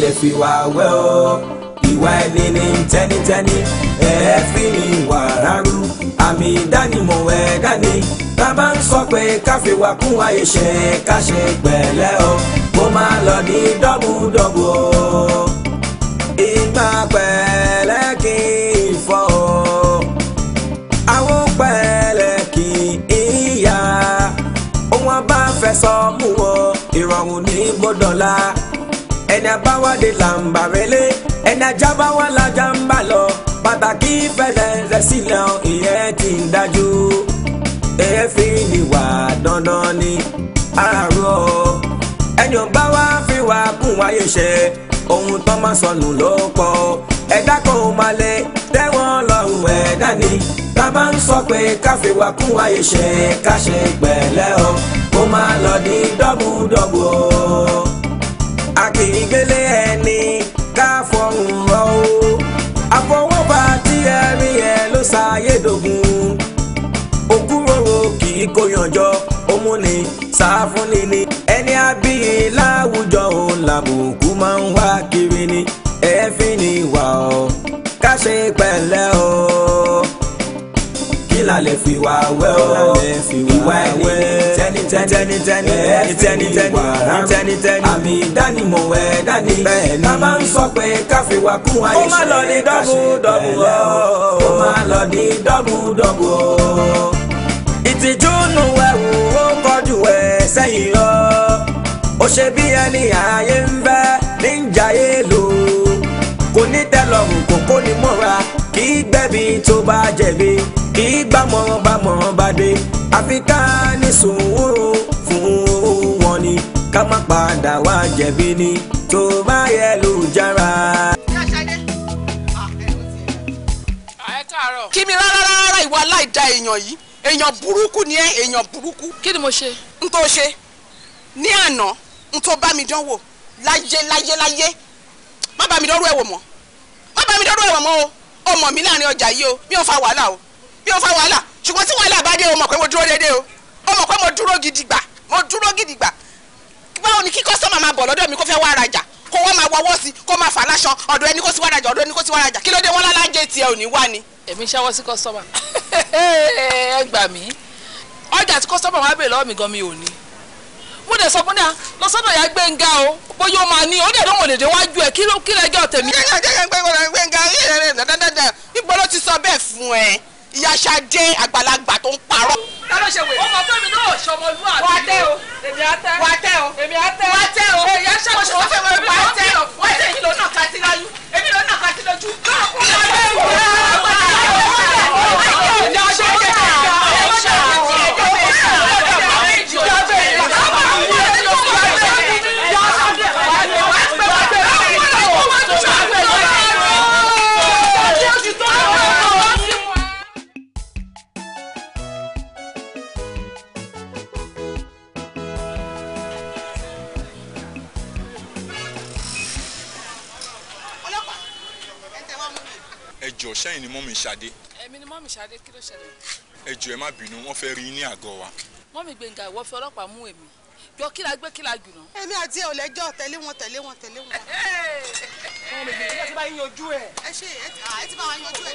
lè fi wá wẹ́ o. ìwà ẹni ní tẹ́nítẹ́ní ẹ fi ní ìwà rárú àmì ìdánimọ̀ ẹ̀dá ni tá a bá ń sọ pé káfí wa kún ayé ṣe ká ṣe pẹ̀lẹ́ o kó máa lọ ní dọ́bùdọ́bù o. ìgbà pẹ̀lẹ́ kì í fọ́ o. àwọn pẹ̀lẹ́ kì í yá. ohun abáfẹ́sọ̀ mú o ìrọ̀rùn ní gbọ́dọ̀ ẹni abáwádé là ń bà wẹ́lẹ́ ẹni ajá bá wà lájà ń bà lọ pàtàkì fẹsẹ̀ rẹ̀ sílẹ̀ ìyẹn ti ń dájú èéfín ni wà dandan ni àárọ̀ ẹni ọba wa fi wà kún wáyé ṣe ohun tó máa sọnù ló pọ̀ ẹ̀dá kan ò máa lè tẹ́wọ́n lọ́rùn ẹ̀dá ni tá bá ń sọ pé káfí wà kún wáyé ṣe ká ṣe pẹ̀lẹ́ o kó má lọ di dọ́bùdọ́bù o a kì í ẹni ká fọhùn rọ o àfọwọ́fà tí ẹ̀rí ẹ̀ ló ṣàyédògún òkúròrò kì í kóyanjọ òmùnì ṣàfúnni ni ẹni abíyí láwùjọ òun làbùkù máa ń wá kiri ni ẹ̀ẹ́fín ni wà ó ká ṣe pẹ̀lẹ́ o lálẹ́ fi wá wẹ́ o ìwà ẹni tẹ́ni tẹ́ni tẹ́ni tẹ́ni tẹ́ni tẹ́ni tẹ́ni àmì ìdánimọ̀ ẹ̀ dání bẹ́ẹ̀ ni a máa ń sọ pé káfí wa kún wa iṣẹ́ ká ṣe pẹ̀lẹ́ o ó máa lọ di dọ́bù dọ́bù o. ìtìjú nù ẹ̀wù ó kọjú ẹ̀ sẹ́yìn lọ ó ṣe bí ẹni ààyè ń bẹ́ níjà yé lò kò ní tẹ́lọ̀mù kò kó ni mọ́ra kì í gbẹ̀bí tó bá jẹ̀bi gbàmọ̀ bàmọ̀ bàdé àfi ká ní sùúrù fún wọn ni ká má padà wá jẹ̀bi ni tó bá yẹ lùjára. kí mi rárá rárá ìwà aláìda èèyàn yìí èèyàn burúkú ni ẹ èèyàn burúkú. kí ni mo ṣe. n tó ṣe ní àná n tó bá mi dánwò láyé láyé láyé má bá mi dánwò ẹ̀wò mọ́ má bá mi dánwò ẹ̀wò mọ́ o ọmọ mi láàrin ọjà yìí o mi ò fa wàhálà o mi ò fa wàhálà ṣùgbọ́n tí wàhálà bá dé o mọ̀ pé mo dúró déédéé o o mọ̀ pé mo dúró gidi gbà mo dúró gidi gbà báwo ni kí kọ́sọ́mà máa bọ̀ lọ́dọ̀ mi kó fẹ́ wá rajà kó wọ́n máa wọ́wọ́ sí kó máa fà láṣọ ọ̀dọ̀ ẹni kó sì wá rajà ọ̀dọ̀ ẹni kó sì wá rajà kí ló dé wọ́n lálá jẹ́ tiẹ̀ ò wá ni. èmi ṣẹ́wọ́ sí kọ́sọ́mà ẹ gbà mí ọjà tí kọ́sọ́mà wá bèèrè lọ́wọ́ mi gan mi ò ní mo dẹ̀ sọ fún dà lọ sọ́dọ̀ ya gbẹ̀ngà o bóyá o máa ní o dẹ̀ wọ̀n lèdè wájú ẹ̀ kí ló kí lẹ́jọ́ tèmi ìyá Ṣadé àgbàlagbà tó ń parọ́. ta ló ṣe wèrè. ọmọ fún mi náà ṣọmọ lu àbí. wàá tẹ o èmi á tẹ. wàá tẹ o èmi á tẹ. wàá tẹ o èyí á ṣàkóso wọ́n fẹ́ wọ́n wàá tẹ. wàá tẹ èmi lọ́nà kàtí láyú èmi lọ́nà kàtí lójú. káàkó lọ́ọ́ ẹjọ sẹ́yìn ni mọ́mì Ṣadé. èmi ni mọ́mì Ṣadé kí ló ṣẹlẹ̀. ẹjọ ẹ má bínú wọn fẹ́ rí ní àgọ́ wa. mọ́mì Gbénga ìwọ fi ọlọ́pàá mú èmi jọ kí la gbé kí la jùnà. èmi àti ẹ ò lẹ́jọ́ tẹ̀lé wọn tẹ̀lé wọn tẹ̀lé wọn. wọn lè gbé bá yín yanjú ẹ. ẹ ṣe ẹ ti bá wa yanjú ẹ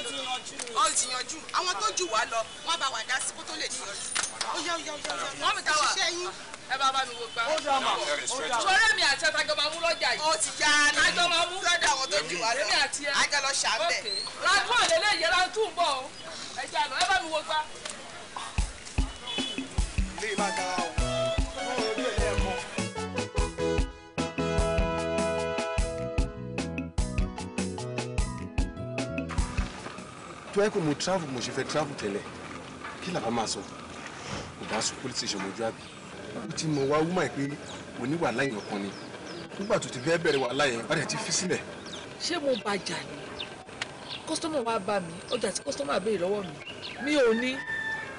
ọ ti yanjú àwọn tó jù wá lọ wọn bá wa dá sí kó tó lè níyanjú. ó yá ó yá ó yá ó yá. mọ́mì táwa ṣiṣẹ́ yín ẹ bá bá mi wo gbá. sọ̀rọ̀ mi àti ẹ̀ta máa mú lọ́jà yìí. ó ti já ní àjọ máa mú lọ́dọ̀ àwọn tó jù wá lọ èmi àti ẹ. àjọ lọ ṣàbẹ̀. ràdúrà lélẹ̀ yẹn ra tún bọ̀ ọ́ ẹ jẹ́ àná ẹ bá mi wo gbá. ilé ìbá gara o. tó ẹ kò mo travel mo ṣe fẹ́ travel tẹ́lẹ̀ kí làbá máa sọ kò bá sọ police station mojú àbí ó ti mọ̀ wá wúmọ̀ pé oníwà láyìn ọkàn ni nígbà tó ti fẹ́ bẹ̀rẹ̀ wà láyìn ọ̀rẹ́ ti fi sílẹ̀. ṣé mo bàjà ni kọ́sítọ́mà wa bá mi ọjà tí kọ́sítọ́mà béèrè lọ́wọ́ mi mi ò ní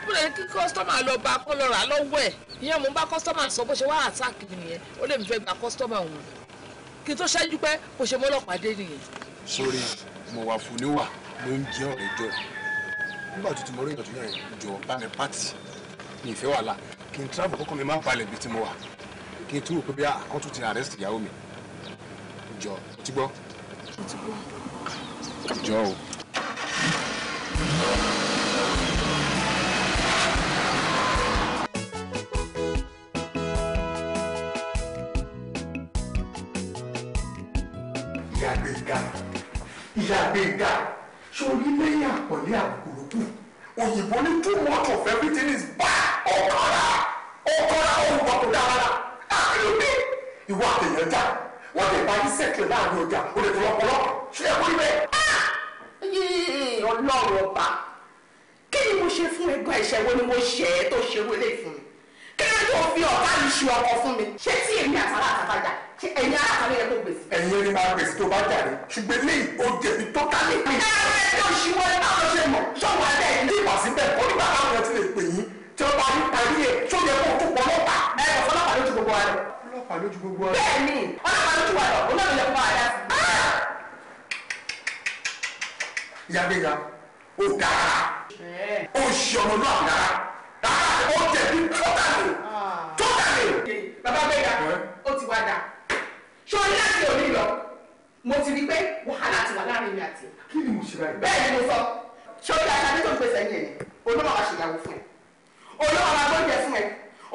mo lè kí kọ́sítọ́mà lọ bá kọ́ lọ rà lọ́wọ́ ẹ̀ ìyẹn mo ń bá kọ́sítọ́mà sọ bó ṣe wá àtàkì nìyẹn ó lè mi fẹ́ gba kọ́sítọ́mà òun kí n tó ṣẹ́jú pé bó ṣe mọ́lọ́pàá dé nìyẹn. sórí mo wà fún níwà ló ń jẹ ọ̀rẹ́ jọ nígbà tó ti mọ orí ìyàtọ̀ yẹn jọ bá mi pátì ní ìfẹ́ wàhálà kí n travel kọ́kọ́ mi máa ń palẹ̀ ibi tí mo wà kí n túwò pé bí àkọ́ tún ti arrest ìyàwó mi jọ o ti gbọ́. jọ o. ìyá gbẹ̀ngà ìyá gbẹ̀ngà lẹ́yìn àpọ̀lé àbùkù lókù òyìnbó ní too much of everything is bad ọ̀kọ́ra ọ̀kọ́ra ohun kan tó dára la àkìlò dé ìwọ àtẹ̀yẹ já wọ́n lè bá yín sẹ́kìlì láàrin ọjà ó lè tún ọpọlọ ṣe é kúrú bẹ́ẹ̀. ọlọ́run ọba kí ni mo ṣe fún ẹgbẹ́ ìṣẹ́wó ni mo ṣe é tó ṣe wọlé fún mi kí ló tó fi ọ̀tá mi ṣu ọkọ fún mi ṣé tí èmi àtàrà àtàrà jà ṣé ẹ̀yin alákàlẹ̀ yẹ kó gbèsè. ẹ̀yin ẹni máa gbèsè tó bá jàre ṣùgbọ́n eléyìí ó jẹ̀bi tó kálẹ̀. ẹ ẹ tó ṣíwọ́lé báwo ṣe mọ̀ ṣọ́wọ́ abẹ́ ẹ̀ ní ìwàsí bẹ́ẹ̀ kọ́ yẹ tó yẹ kó tó pọ̀ lọ́pàá ẹ kò fọlọ́pàá lójú gbogbo wa lọ. ọlọ́pàá lójú gbogbo wa lọ. bẹ́ẹ̀ni ọlọ́pàá lójú wa lọ òun náà ló yẹ kó máa dá sí. Ah! ìyábẹ̀yà ó dára ó ṣe ọmọ náà dára dára ó jẹ̀bi tó dàlè tó dàlè. bàbá bẹ́yà ó ti wá dà ṣé o ní láti òní lọ mo ti rí pé wàhálà ti wà láàrin mi àti. kí ni mo ṣe báyìí. bẹ́ẹ̀ ni mo sọ ṣé o ní aṣáájú tó ń pèsè ẹ̀yìn ẹ̀ olóòwò àṣeyàwó fún ẹ olóòwò you gbọ́ ìjẹ́ fún ẹ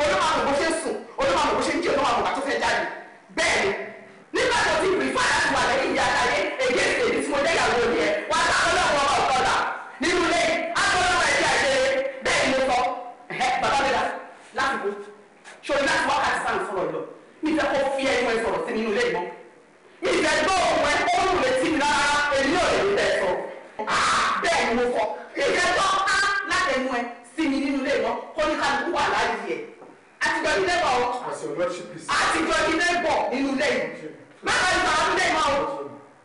olóòwò máa mọ̀ bó ṣe ń sùn olóòwò máa mọ̀ bó ṣe ń jẹ olóòwò máa mọ̀ bá tó fẹ́ jáde bẹ́ẹ̀ ni nígbà tó ti pèfà láti wà lẹ́yìn ìyá àtàyé èdè èdè tí mo dé ìyàwó mi ẹ wá sá ọlọ́wọ́ ọba ọ̀tọ̀là nínú ilé agbọ́lọ́wọ́ ẹ̀jẹ̀ àìṣeré bẹ́ẹ̀ ni mo sọ bàbá mi láti bó ṣòro láti wákàtí sáà ń sọ̀rọ̀ lọ mi fẹ́ kó fi sí mi nínú ilé ìmọ̀ kó ní kálukú wà láàyè ẹ̀ àtijọ́ ní lẹ́bọ̀ o àtijọ́ ní lẹ́bọ̀ nínú ilé ìmọ̀ mẹ́ta ní bàbá nílé ìmọ̀ o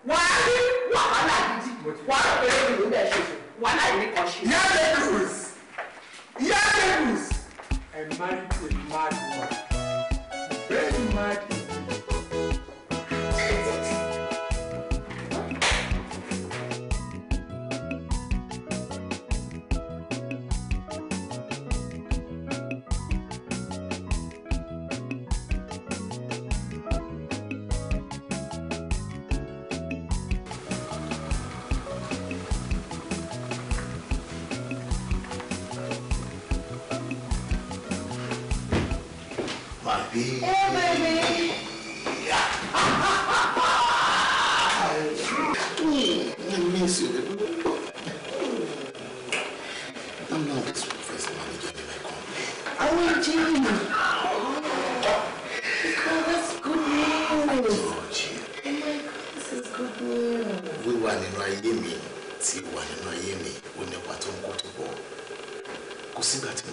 wà á rí wàhálà gidi wà á pèrè ìlú bẹ́ẹ̀ ṣe wàhálà yìí kan ṣe. yálẹ̀ cruise yálẹ̀ cruise. I married a mad woman very mad woman. my baby. Hey, baby. Yeah. I miss you, baby. I'm not this first manager in my company. Oh, Jimmy. Oh, that's good news. Oh, Jimmy. Oh, my God, this is good news. Wíwà nínú ayé mi, tí wà nínú ayé mi, ó nípa tó ń kó tó bọ̀. Kò sígbà tí mo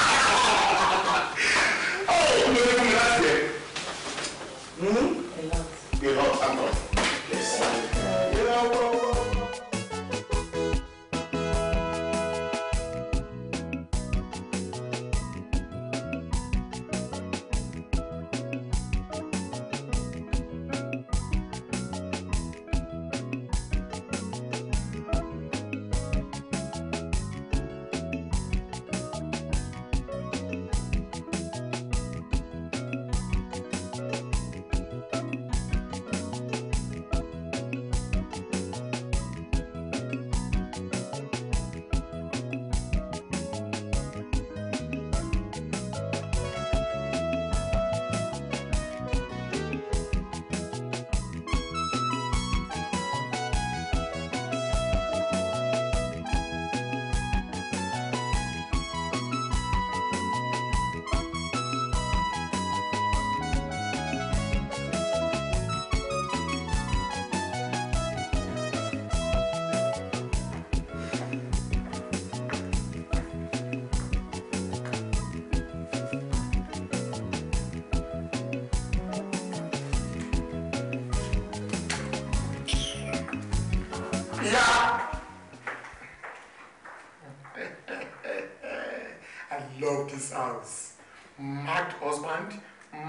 house mad husband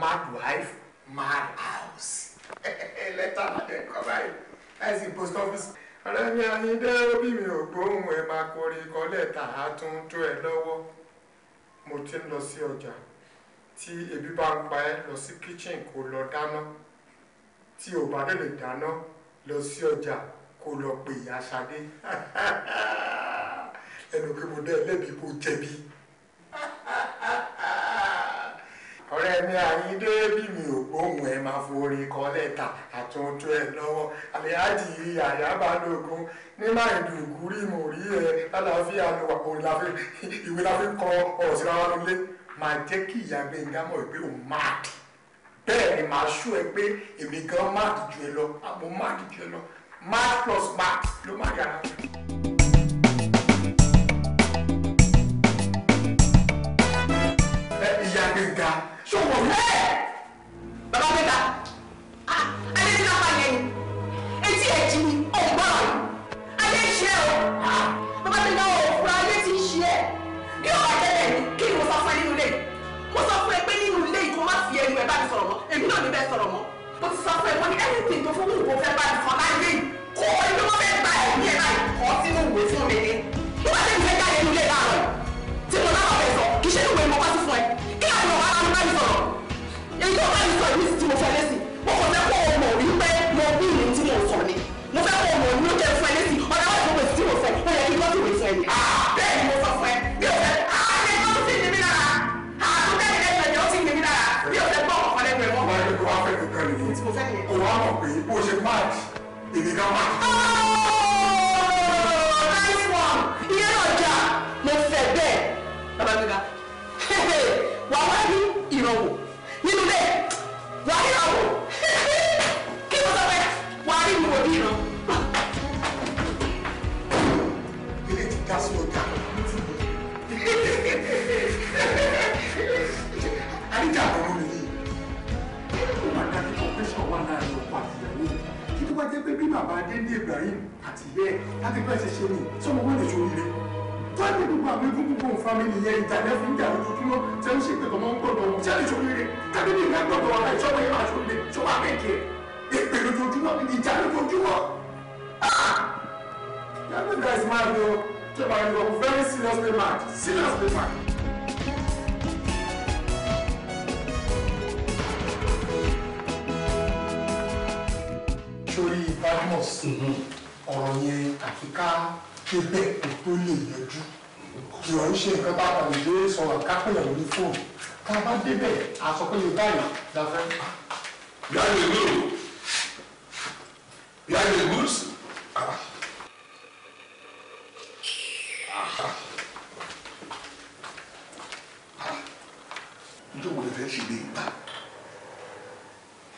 mad wife mad house. them come by. báyìí the post office. ọ̀rẹ́ mi àyíndé òbí mi ò gbóhùn ẹ̀ máa kórè kọ́ lẹ́tà á tún tó ẹ lọ́wọ́ mo ti ń lọ sí ọjà tí ebi bá ń pa ẹ́ lọ sí kitchen kó lọ dáná tí ò bá dẹ̀ lè dáná lọ sí ọjà kó lọ pè ìyá Ṣadé ẹnu pé mo dẹ́ lẹ́bi kó jẹ̀bi ọ̀rẹ́ mi àyíndé bí mi ò gbóhùn ẹ̀ máa forí kọ lẹ́tà àtúntò ẹ̀ lọ́wọ́ àlẹ́hájì àyábálógún ní máìdùnkú rí mo rí ẹ lálàáfíà ló wà òun la ìwé la fi ọ̀rọ̀ síra wa lólé máa jẹ́ kí ìyá gbẹ̀ngà mọ̀ pé òun máa dì bẹ́ẹ̀ ni màá ṣú ẹ pé èmi gan máa dì ju ẹ lọ àmọ́ máa dì ju ẹ lọ mark plus mark ló máa yára. ṣòwò rẹ̀ bàbá mẹ́ta ah, adé tí lápá yẹn ni etí ẹ̀ jí ni ọ̀gbọ́n adé ṣe é o ah, bàbá mẹ́ta ò fura adé tí ń ṣe é kí ọba tẹ́lẹ̀ ni kí ni mo sọ fún ẹ nínú ilé mo sọ fún ẹ pé nínú ilé yìí kó má fi ẹnu ẹ bá mi sọ̀rọ̀ mọ́ èmi náà ní bẹ́ẹ̀ sọ̀rọ̀ mọ́ mo ti sọ fún ẹ mo ní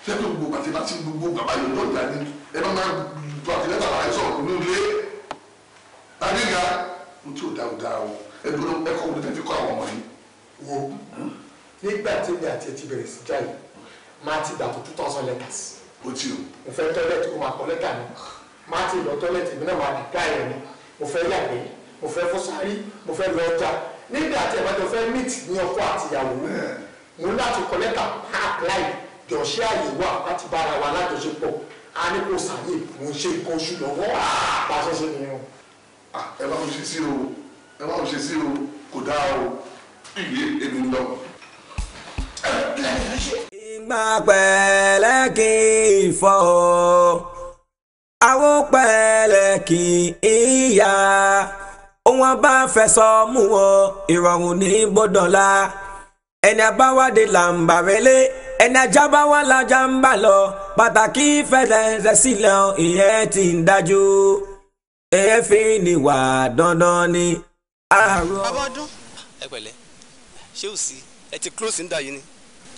sẹ́tò gbogbo pàtí bá ti gbogbo bàbá yòó lọ́jà ni ẹ bá máa tó àtìlẹ́tà bàbá yẹn sọ̀rọ̀ nínú ilé adéga n tí ò dá o dá o ẹ dúró ẹ kọ́ wọlé tẹ́fí kọ́ àwọn ọmọ yìí. wo nígbà tí èmi àti ẹtì bẹ̀rẹ̀ sí jáì máa ti dàtò two thousand letters. o ti o. mo fẹ́ tọ́lẹ̀tì kó máa kọ́ lẹ́tà mi máa ti lọ tọ́lẹ̀tì mi náà máa dì ká ẹ̀rẹ̀ mi mo fẹ́ yàgbé mo fẹ́ fọ́sárí mo fẹ́ lọ ọjà nígbà tí ẹ̀ bá jọ fẹ́ meet ní ọkọ àtìyàwó mo láti kọ́ lẹ́tà apply jọ̀ṣẹ́ àyè wà láti bára wa lájọṣepọ̀ a ní kò sàyè mò ń ṣe nǹkan oṣù lọ́wọ́ àpàṣọ ṣe nìyẹn. ẹ bá mi ṣe sí o ẹ bá mi ṣe sí o kò dáa o ìwé èmi ń lọ. ìgbà pẹ̀lẹ́ kì í fọ́ àwọn pẹ̀lẹ́ kì í yá wọn bá fẹsọ mú wọn ìrọ̀rùn ní gbọ́dọ̀ la ẹni abáwádìí là ń bàrẹ́lẹ́ ẹni ajá bá wà lájà ń bà lọ pàtàkì fẹsẹ̀ sílẹ̀ ìyẹn ti ń dájú èéfín ni wà dandan ni. abọ́dún ẹ pẹ̀lẹ́ ṣé ò sí ẹ ti close ń dà yìí ni.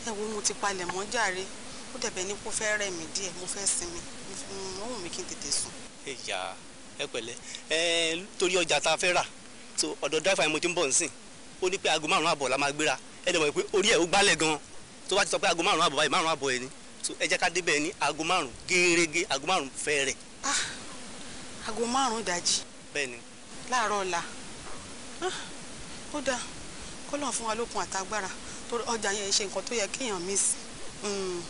ẹ wo mo ti palẹ̀ mọ́ jàre ó dẹ̀bẹ̀ ní kó fẹ́ rẹ̀ mí díẹ̀ mo fẹ́ sinmi mo wù mí kí n tètè sùn. ẹ̀yà ẹ pẹ̀lẹ́ ẹ torí ọjà tá a fẹ́ rà ọ̀dọ̀ dáfà ni mo ti ń bọ̀ nísìn ó ní pé aago márùn-ún àbọ̀ la máa gbéra ẹ dẹ̀ mọ̀ pé orí ẹ̀ ó gbálẹ̀ gan-an tó bá ti sọ pé aago márùn-ún àbọ̀ báyìí márùn-ún àbọ̀ yẹn ni ẹ jẹ́ ká débẹ̀ ní aago márùn-ún gẹ́gẹ́ aago márùn-ún fẹ́rẹ̀. Ah, aago márùn-ún ìdajì. bẹ́ẹ̀ni. láàárọ̀ ọ̀la ah, ó dáa kọ́lọ́n fún wa lókun àtagbára tó ọjà yẹn ṣe nǹkan tó yẹ kéèyàn mí sí hmm,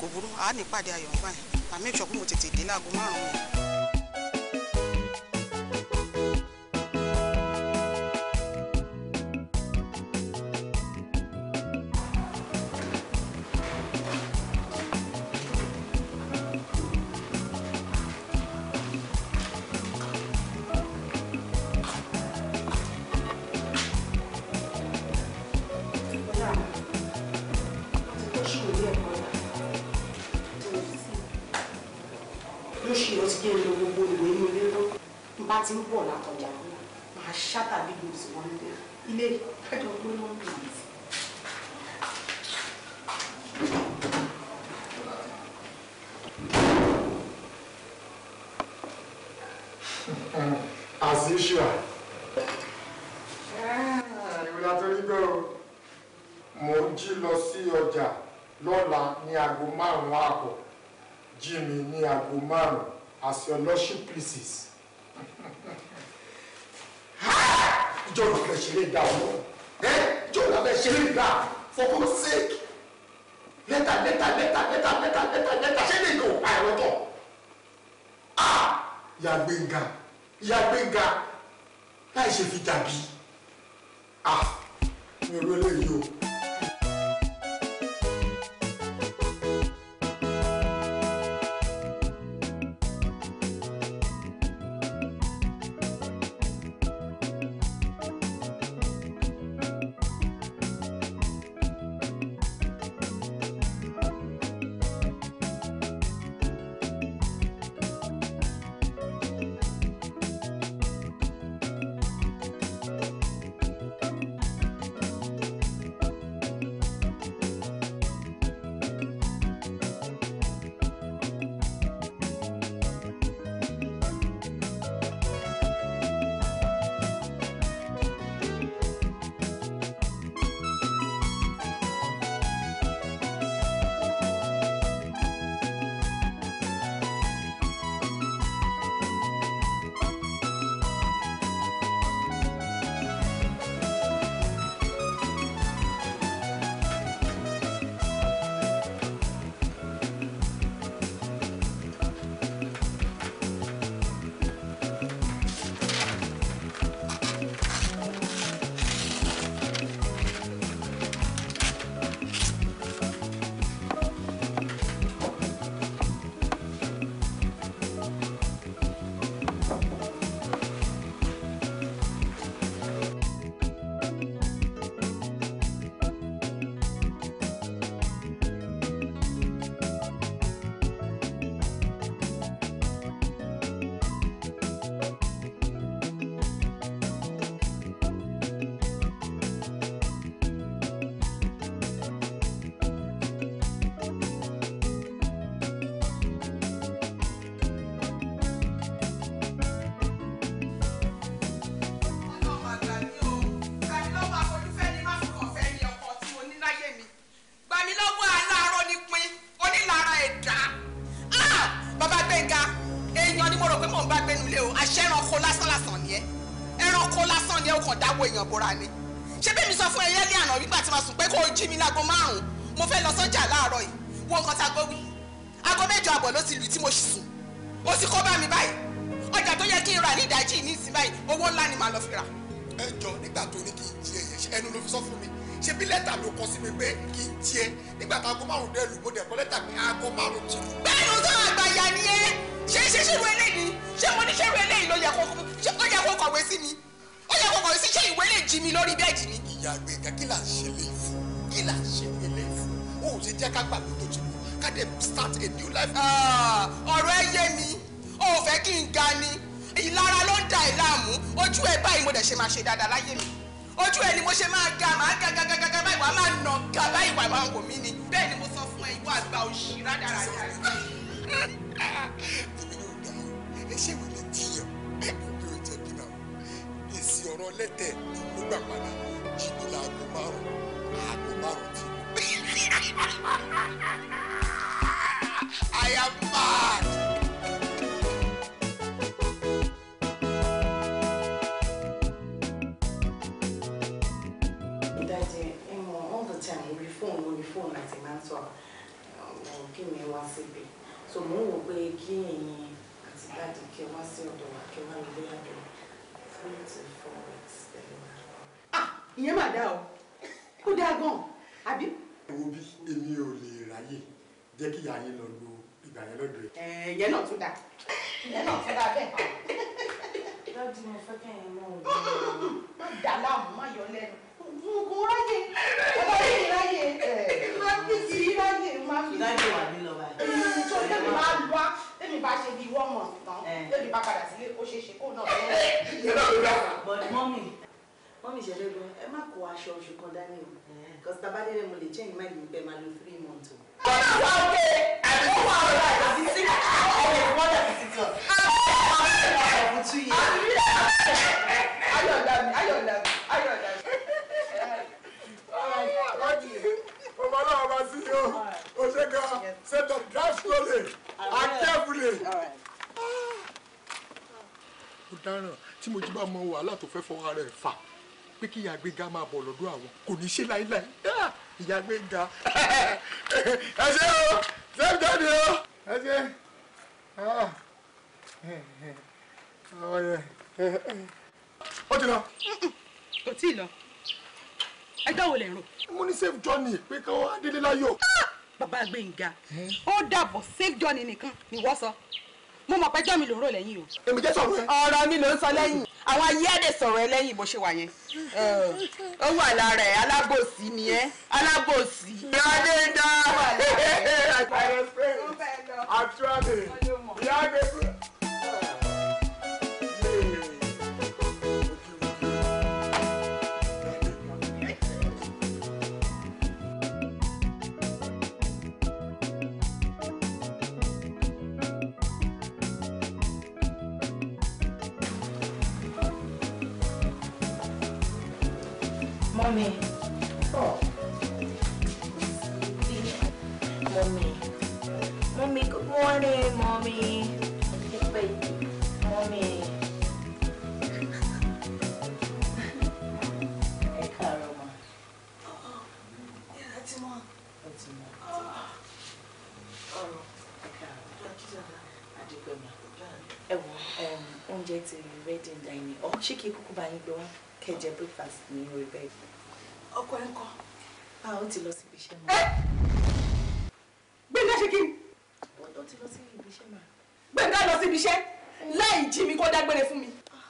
kò burú àá nípàdé ayọ̀ ń báyìí àmì ìṣọ̀kú mo tètè dé láago márùn-ún. 过，步了。lẹ́tà ló kọ sí mi pé kì í tiẹ̀ nígbà tá aago márùn dẹ́lu mo dẹ̀ kọ lẹ́tà pé aago márùn ti lù. bẹ́ẹ̀ ló sọ àgbàyà ni ẹ ṣe ṣe ṣerú eléyìí ṣé mo ní ṣerú eléyìí ló yẹ kó kọ̀wé sí mi ó yẹ kó kọ̀wé sí ṣé ìwé lè jí mi lórí bẹ́ẹ̀dì ni. ìyá gbẹ̀ngà kí là ń ṣe lè fún kí là ń ṣe lè fún o ò ṣe jẹ́ ká gbàgbé tó ti lù ká dẹ̀ start a new life. Ah, ọ̀rọ̀ ẹ yé mi o ò fẹ́ kí n ga ni ìlara ló ń da ìlàmú ojú ẹ báyìí mo dẹ̀ ṣe máa ṣe dáadáa láyé mi ojú ẹ mo ṣe máa ga máa ga gàgàgàgà báyìí wàá máa nà ga báyìí wàá wò mí ni bẹ́ẹ̀ ni mo sọ fún ẹ ìwọ àgbà òṣì rádaràdà. èmi ò dá ẹ ṣe wọlé tíyàn èmi ò jẹ̀bi náà èsì ọ̀rọ̀ lẹ́tẹ̀ nígbà padà jí mi láago márùn-ún márùn-ún ti. I am. náà láti máa ń sọ̀rọ̀ ọ̀hún um, kí mi wá síbi so mò ń wò pé kí ẹ̀yin àti dáàdì kí wá sí ọ̀dọ̀ wa kí wá lórí àjọ twenty four weeks pẹ̀lú wa. ah ìyẹn mà dá o ó dáa gan àbí. wo bí èmi ò lè ráyè jẹ́ kí ìyá yín lọ lo ìgbà yẹn lọ́dọ̀ ẹ̀. ẹ̀ẹ́yẹ náà tún dà ìyẹn náà tún dà bẹ́ẹ̀. dáàdì mo fẹ́ kẹ́yìn mọ́ òun. má dà láàmú má yọ lẹ́nu oògùn ráyè ọba yìí ráyè máa fi sí ráyè máa fi sí. ìdájọ́ wà ní lọ́ba yìí. tó tẹ́mi máa ń wá tẹ́mi bá ṣe bí wọ́n mọ̀ tán tẹ́mi bá padà sílé ó ṣeé ṣe kó náà bẹ́ẹ̀. bọ́dí mọ́mì mọ́mì ìṣẹ̀lẹ̀ gan ẹ má kó aṣọ oṣù kan dání o because tá a bá délé mo lè change mind mi pé máa lo three months o. ọ̀nà wa ok àbí ó wà ọ̀rọ̀ àti sí ọ̀rọ̀ ìwọ́dà ti ti tàn. àwọn ọ̀rọ̀ àwọn ọ̀rọ̀ two years. ayọ̀ dàbí. ọmọ ọlọ́run bá sí yóò ó ṣe gan set up drive slowly and carefully. mo dáràn tí mo jí bá mọ wàhálà tó fẹ́ fọwọ́ rẹ̀ fà pé kí ìyá gbéga máa bọ̀ lọ́dọ̀ àwọn kò ní í ṣe láéláé ah! ìyá gbéga ẹ ṣe o save daddy o ẹ ṣe ọ yẹ. ó ti lọ. kò tí ì lọ ẹjọ́ wo lè rò. mo ní safe journey pé kí wọ́n á délé láyọ̀. Ah! bàbá Gbénga ó dàbọ̀ safe journey nìkan ni wọ́n sọ mo mọ̀ pé jọ́ mi ló ń rò lẹ́yìn o. èmi jẹ́ sọ̀rọ̀ ẹ. ọ̀rọ̀ mi ló ń sọ lẹ́yìn àwọn ayé ẹ̀dẹ̀ sọ̀rọ̀ ẹ lẹ́yìn bó ṣe wà yẹn. ó wà lára ẹ alábòsí ni ẹ alábòsí. ìyáde dá àtúrà mi ìyáde kúrò. morning, mommy. Wait, mommy. Ẹ káàárọ̀ ma. Ẹ ti mọ̀. Ẹ ti mọ̀. Ọ̀rọ̀ ẹ káàárọ̀. Adúpẹ́ ma. Ẹ wọ oúnjẹ ti ready and dining. Ọ̀ ṣé kí kúkú bá yín gbé wá kẹjẹ breakfast ní orí bẹ́ẹ̀? Ọkọ ẹ̀ ń kọ́. Ah, Báwo ti lọ sí ibi iṣẹ́ mà. Gbẹ̀ngà lọ sí ibi iṣẹ́ láì jí mi kó dágbére fún mi. Ah,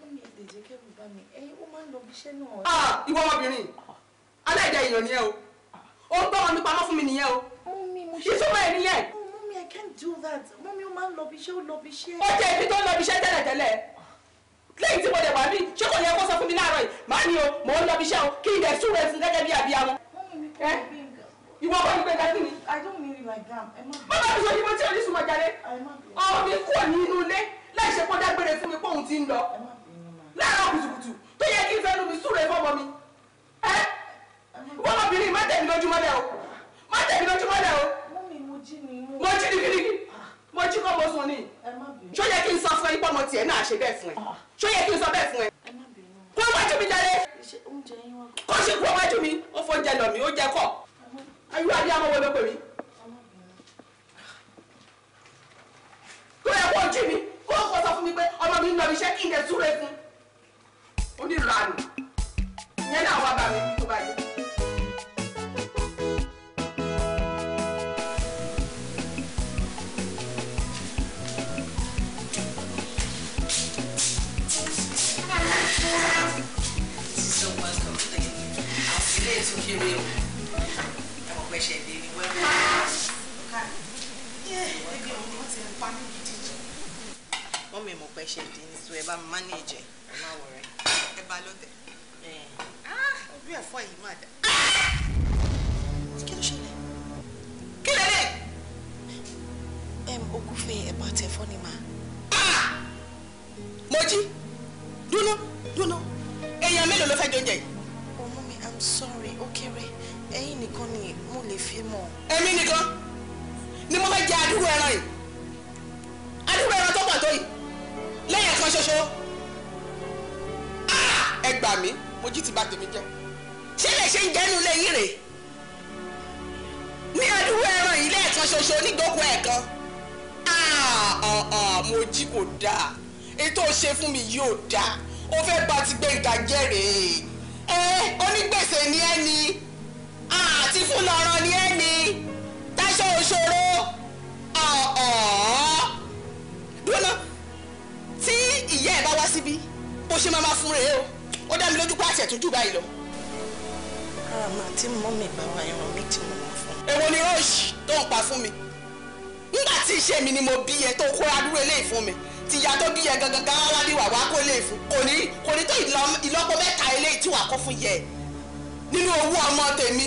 Mọ́mí èdè jẹ́ kẹ́rù bá mi, ẹ ó máa ń lọ ibi iṣẹ́ náà. Ah, ìwọ ọmọbìnrin, aláìda èèyàn ni o, ó ń gbọ́ràn mi pamọ́ fún mi nìyẹn o. Mọ́mí mo ṣe. Ìtumọ̀ ẹ̀ nílẹ̀. Oh, Mọ́mí I can't do that. Mọ́mí ó máa ń lọ ibi iṣẹ́ ó lọ ibi iṣẹ́. Ó jẹ́ ibi tó ń lọ ibi iṣẹ́ tẹ́lẹ̀tẹ́lẹ̀ lẹ́yìn tí mo dẹ̀ wá mí ṣé kò yẹ kó sọ fún mi láàárọ̀ yìí màá ní o mò ń lọ ibi iṣẹ́ o kí n dẹ̀ súre fún gẹ́gẹ́ bí abiyamọ. Mọ́mí mi kò ìwọ bá mi gbé dání ni. I don't need you like that. bàbá mi sọ yìí mo tí orísun mọ jáde ọmọ mi kúrò ní inú ilé láì ṣe kó dágbére fún mi pé òun ti ń lọ láàárọ̀ kùtùkùtù tó yẹ kí n fẹnu mi súre fọmọ mi ẹ wọn obìnrin má tẹ̀mí lójúmọ́ dẹ o má tẹ̀mí lójúmọ́ dẹ o mo jí ni kíríkí mo jí kọ́ mo sùn ni ṣó yẹ kí n sọ fún ẹ pọ́nmọ tiẹ̀ náà ṣe bẹ́ẹ̀ fún ẹ ah. ṣó yẹ kí n sọ bẹ́ẹ̀ fún ẹ kó wájú mi jáde kó ṣe kó wájú mi ó fọ́ jẹ lọ mi ó jẹ kọ́ ayú adé amọ̀wọ́ ló pè mí. tó yẹ kó jí mi kó kó sọ fún mi pé ọmọ mi ń lọ kí n lè súre fún un oníranù ìyẹn náà wá bá mi tó bá yẹ. Thank you pẹ̀ṣẹ̀ dé ni wẹ́ẹ́ wọ́n mi mọ̀ pẹ̀ṣẹ̀ dé ni so ẹ bá manage ẹ má wọ̀rẹ́. ẹ bá ló tẹ. Ah, ojú ẹ̀fọ́ yìí máa dà. kí ló ṣẹlẹ̀? kí lè lè. okúfe ẹ̀bà tẹ fọ́ ni màá. Ah! mo jí dúnú dúnú èèyàn mélòó ló fẹ́ jọ yìí. ọmọ oh, mi i'm sorry ó kéré. Okay, ẹ̀yin nìkan ni mo lè fi mọ̀. èmi nìkan ni mo fẹ́ jẹ àdúgbò ẹran yìí àdúgbò ẹran tó pọ̀ tó yìí lẹ́yìn ẹ̀kan ṣoṣo ah! ẹ gbà mí mo jí ti bà tèmi jẹ́ ṣé lè ṣe ń jẹ́nu lẹ́yìn rẹ̀ ní àdúgbò ẹran yìí lẹ́ẹ̀kan ṣoṣo nígbòkó ẹ̀kan ah! ah! mo jí kò dáa ètò ṣe fún mi yóò dáa ó fẹ́ bá ti gbé ìdájẹ́ rèé ẹ onígbèsè ni ẹ ni àti fún lọ́rọ̀ ni ẹ́ ni táṣọ òṣòro ọ̀ọ́ dúró tí ìyá ẹ̀ bá wá síbí bó ṣe máa ma fún rèé o ó dá mi lójú pé àṣẹ tó jù báyìí lọ. ara màá tí mọ́ mi bá wa irun mi tí mo máa fún. èwo ni rọ́ọ̀ṣì tó ń pa fún mi nígbà tí iṣẹ́ mi ni mo bí ẹ tó kóra dúró eléyìí fún mi ti ya tó bí ẹ gangan gan wá ní wàwá kó eléyìí fún kò ní kò ní tó ìlọ́po mẹ́ta eléyìí tí wàá kó fún yẹ nínú owó ọmọ tèmi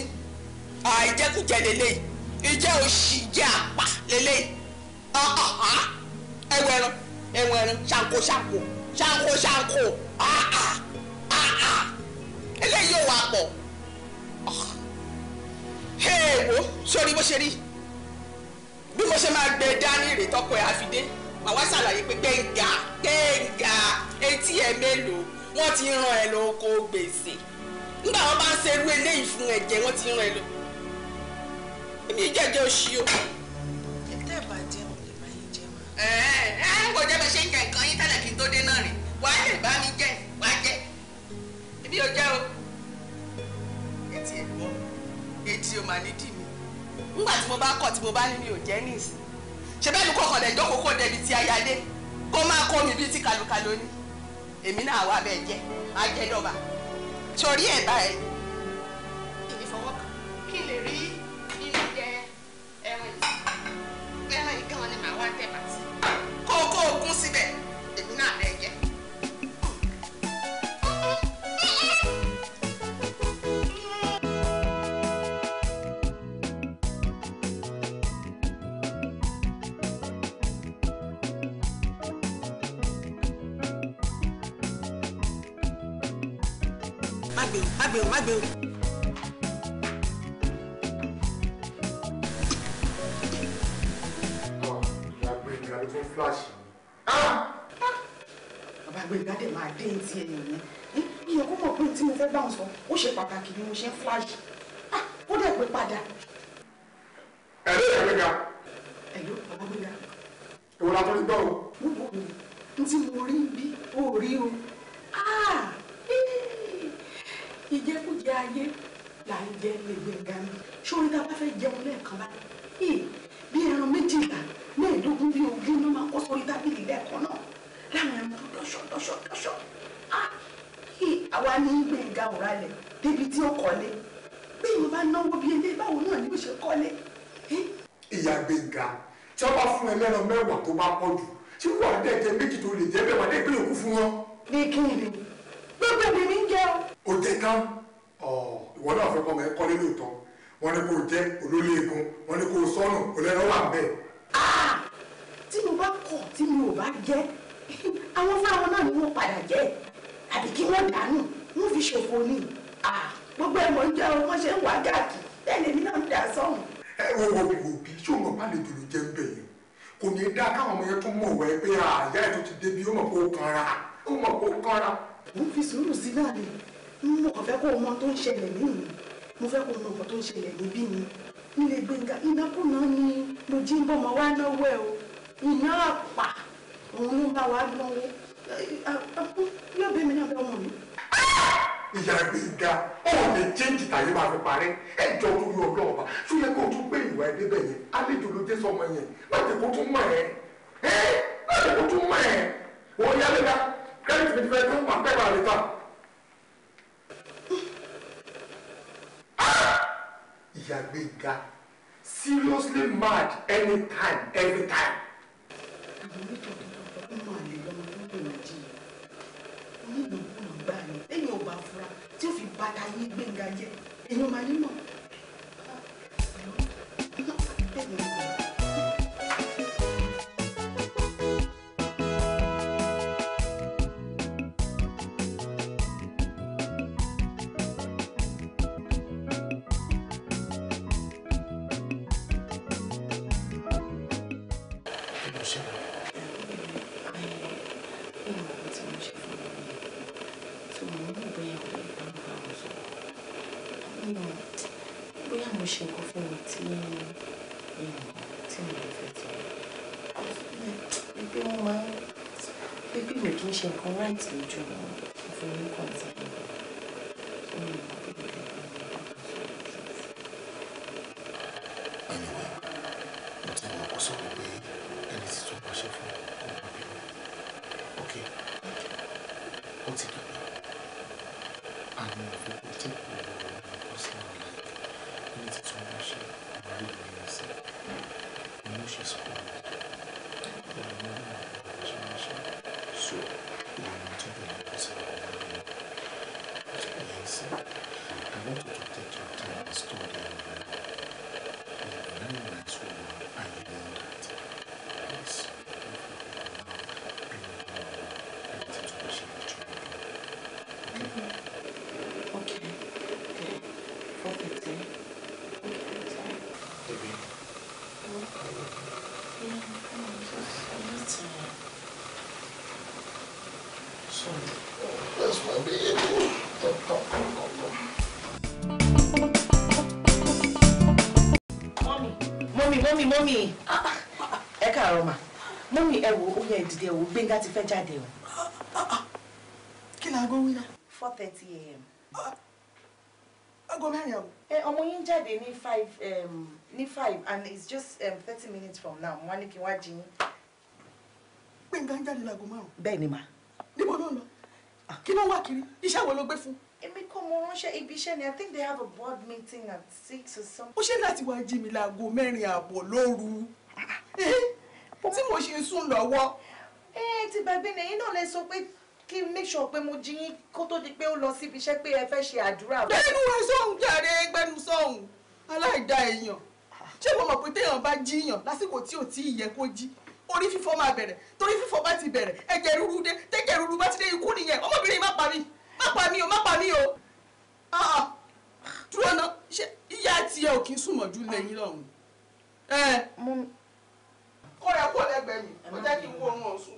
àìjẹkújẹ lélẹyìí ìjẹ òṣì jẹ àpá lélẹyìí ẹwọ ẹran ẹwọ ẹran ṣàǹkó ṣàǹkó ṣàǹkó ṣàǹkó eléyìí ò wà pọ̀ èèwọ̀ sórí bó ṣe rí bí mo ṣe máa gbé dání rè tọkọ ẹ àfidé màwá ṣàlàyé pé gbẹ̀ngà gbẹ̀ngà etí ẹ mélòó wọ́n ti ràn ẹ lọ oko gbèsè nígbà wọn bá ń ṣerú eléyìí fún ẹ̀jẹ̀ wọ́n ti ràn ẹ lọ èmi yìí jẹ́jẹ́ oṣù o. ẹ̀tẹ́ bá jẹ́ mo lè bá yín jẹ́ wa. ẹ ẹ ń kò jẹ́ bẹ́ẹ̀ ṣe ń jẹ nǹkan yín tẹ́lẹ̀ kí n tó dé náà rè wá lè bá mi jẹ wá jẹ èmi ò jẹ́ o. etí ẹ̀ gbọ́ etí o màá ní dì mí nígbà tí mo bá kọ̀ tí mo bá ní mi ò jẹ́ nìyí ṣe bẹ́ẹ̀ ni kọ̀ọ̀kan lẹ̀ jókòó kó débi ti ayáde kó máa kó mi bíi ti kàlùkàlù ni èmi náà wà bẹ́ẹ̀ jẹ́ máa jẹ́ dọ̀bà torí ẹ̀ bá ẹ̀ kí lè rí ẹran ìgan ni màá wá tẹ̀ bàtì kó o kó o gún síbẹ̀ èmi náà rẹ̀ jẹ́. Má gbèrú, má gbèrú, má gbèrú. ṣe pàtàkì bí mo ṣe ń sọnù kò lẹ́nu wà bẹ́ẹ̀. Ah! tí mo bá kọ̀ tí mi ò bá jẹ́ àwọn fáwọn náà ni wọ́n padà jẹ́ àbí kí wọ́n dànù wọ́n fi ṣòfò ni ah! gbogbo ẹ̀mọ́ ń jẹ́ wọ́n ṣe ń wá káàkiri bẹ́ẹ̀ lèmi náà ń dà sọ́hùn. ẹ wo wo wo bí ṣùgbọ́n má lè dòdò jẹ́ ń bẹ̀ yẹn kò ní í dá káwọn ọmọ yẹn tún mọ̀ wẹ́ pé àyà ètò ti débi ó mọ̀ kó kanra ó mọ̀ kó kanra. mo fi sùúrù sí náà ni mo kàn fẹ́ kó o mọ tó ń ṣẹlẹ̀ níyì mo fẹ́ kó o mọ nǹkan tó ń ṣẹlẹ̀ níbí ni nílé gbẹ̀ngà ìnákùná ni mo jí ń bọ̀ mọ́ wá náwó o iná àpà òun ló bá wa gbọ́wọ́ yóò bẹ́ẹ̀ mi náà bẹ́ẹ̀ wọ̀n mi. ìyá gbẹ̀ngà ó lè chéńjì tàyè máa fi parẹ́ ẹ̀jọ̀ tó yọ ọ̀dọ́ ọba ṣó yẹ kó o tún gbé ìwà ẹ̀dẹ́ bẹ̀ yẹn àlejò ló dé sọmọ yẹn láti kó tún mọ̀ ẹ́ láti kó tún mọ̀ ẹ́ òun yálẹ́gà kẹ́rìntì mi ti fẹ́ẹ́ tún pàpẹ́ wà lẹ́ta. ìyá Gbénga seriously mad anytime every time. àwọn onídọ̀dọ̀ ọmọ àlè lọmọ lọ́dọ̀ nàìjíríà onídọ̀dọ̀ gbà ní ẹ̀yìn ọba fura tí ó fi bàtà yé Gbénga èèyàn máa nímọ̀. All right, so Okay. Okay. Four fifty. Okay. Sorry. Baby. Oh. Yeah. Come on. Just a little. Sorry. That's my baby. Come, come, come, come, come. Mommy. Mommy. Mommy. Mommy. Ah. ah, ah. Ẹ káàárọ̀ mà. Mommy, ẹ wò ó yẹ ìdílé ẹ wò Gbénga ti fẹ́ jáde o. thirty ah, a.m. aago mẹ́rin àwọ̀. ẹ ọmọ yín jáde five um, ní five and it's just um, thirty minutes from now wọ́n á ní kí n wá jí yín. gbẹ̀ngà ń jáde láago márùn. bẹ́ẹ̀ ni mà. níbo ló ń lọ ah. kí ló ń wá kiri iṣẹ́ wo ló gbé fún. èmi kò mọ ibi iṣẹ́ ni i think they have a board meeting at six or something. ó ṣe láti wá jí mi láago mẹ́rin àbọ̀ lóru ah, eh, tí mo ṣe ń sùn lọ́wọ́. ẹ eh, ti gbàgbé nìyí náà lè sọ pé kí n make sure pé mo jí yín kó tó di pé ó lọ síbi iṣẹ́ pé ẹ fẹ́ ṣe àdúrà. gbẹnu rẹ sọhùn jàre gbẹnu sọhùn aláìda èèyàn ṣé mo mọ̀ pé téèyàn bá jíyàn lásìkò tí ò tí ì yẹ kó jí orí fífọ́ máa bẹ̀rẹ̀ torí fífọ́ bá ti bẹ̀rẹ̀ ẹ̀jẹ̀ rúru dé tẹ́jẹ̀ rúru bá ti dé ikú nìyẹn ọmọbìnrin má pa mí má pa mí o má pa mí o ah, ah. dúró ná ṣe ìyá àti ìyá ò kí ń sùnmọ̀ jù lẹ́yìn lọ́hùn. kọ́ra kó lẹ́gbẹ̀ẹ́ mi ó jẹ́ kí n wọ́n wọn sùn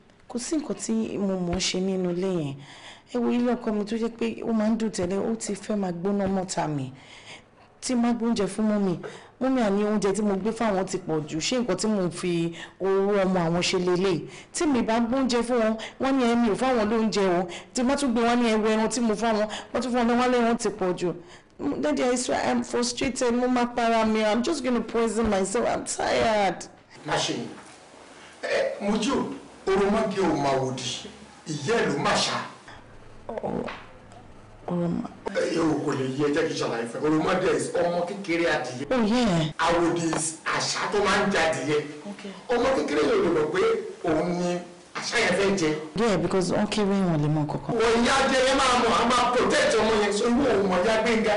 kò sí nǹkan tí mo mọ̀ ṣe nínú ilé yẹn ẹ wo ilé ọkọ mi tó jẹ́ pé ó máa ń dùn tẹ́lẹ̀ ó ti fẹ́ máa gbóná mọ́ta mi tí má gbóúnjẹ fún mọ́mì mọ́mì àní oúnjẹ tí mo gbé fáwọn ti pọ̀ jù ṣé nǹkan tí mo fi owó ọmọ àwọn ṣe lélẹ̀ tí mi bá gbóúnjẹ fún wọn wọ́n ní ẹni ò fáwọn lóúnjẹ o tí má tún gbé wọn ní ẹwọ ẹran tí mo fáwọn wọ́n tún fún wọn lẹ́wọ̀n ti pọ̀ jù daddy i i'm frustrated mo máa para mi i'm just gonna poison myself i'm tired. má mojú oromọge ò máa wòdì ìyá ẹ̀ ló máa ṣá. ẹ o kò lè yí ẹjẹ́ kí ṣàlàyé fẹ́ oromọge is ọmọ kékeré adìyẹ. Oh, àwòdì is àṣà tó máa ń jẹ adìyẹ ọmọ kékeré yóò lè mọ̀ pé òun ni àṣà yẹn fẹ́ jẹ. yeah because wọn kéré wọn lè mọ kankan. wọ ìyá jẹ yẹn máa mọ a máa protect ọmọ yẹn so ìwọ ò mọ ìyá gbẹngà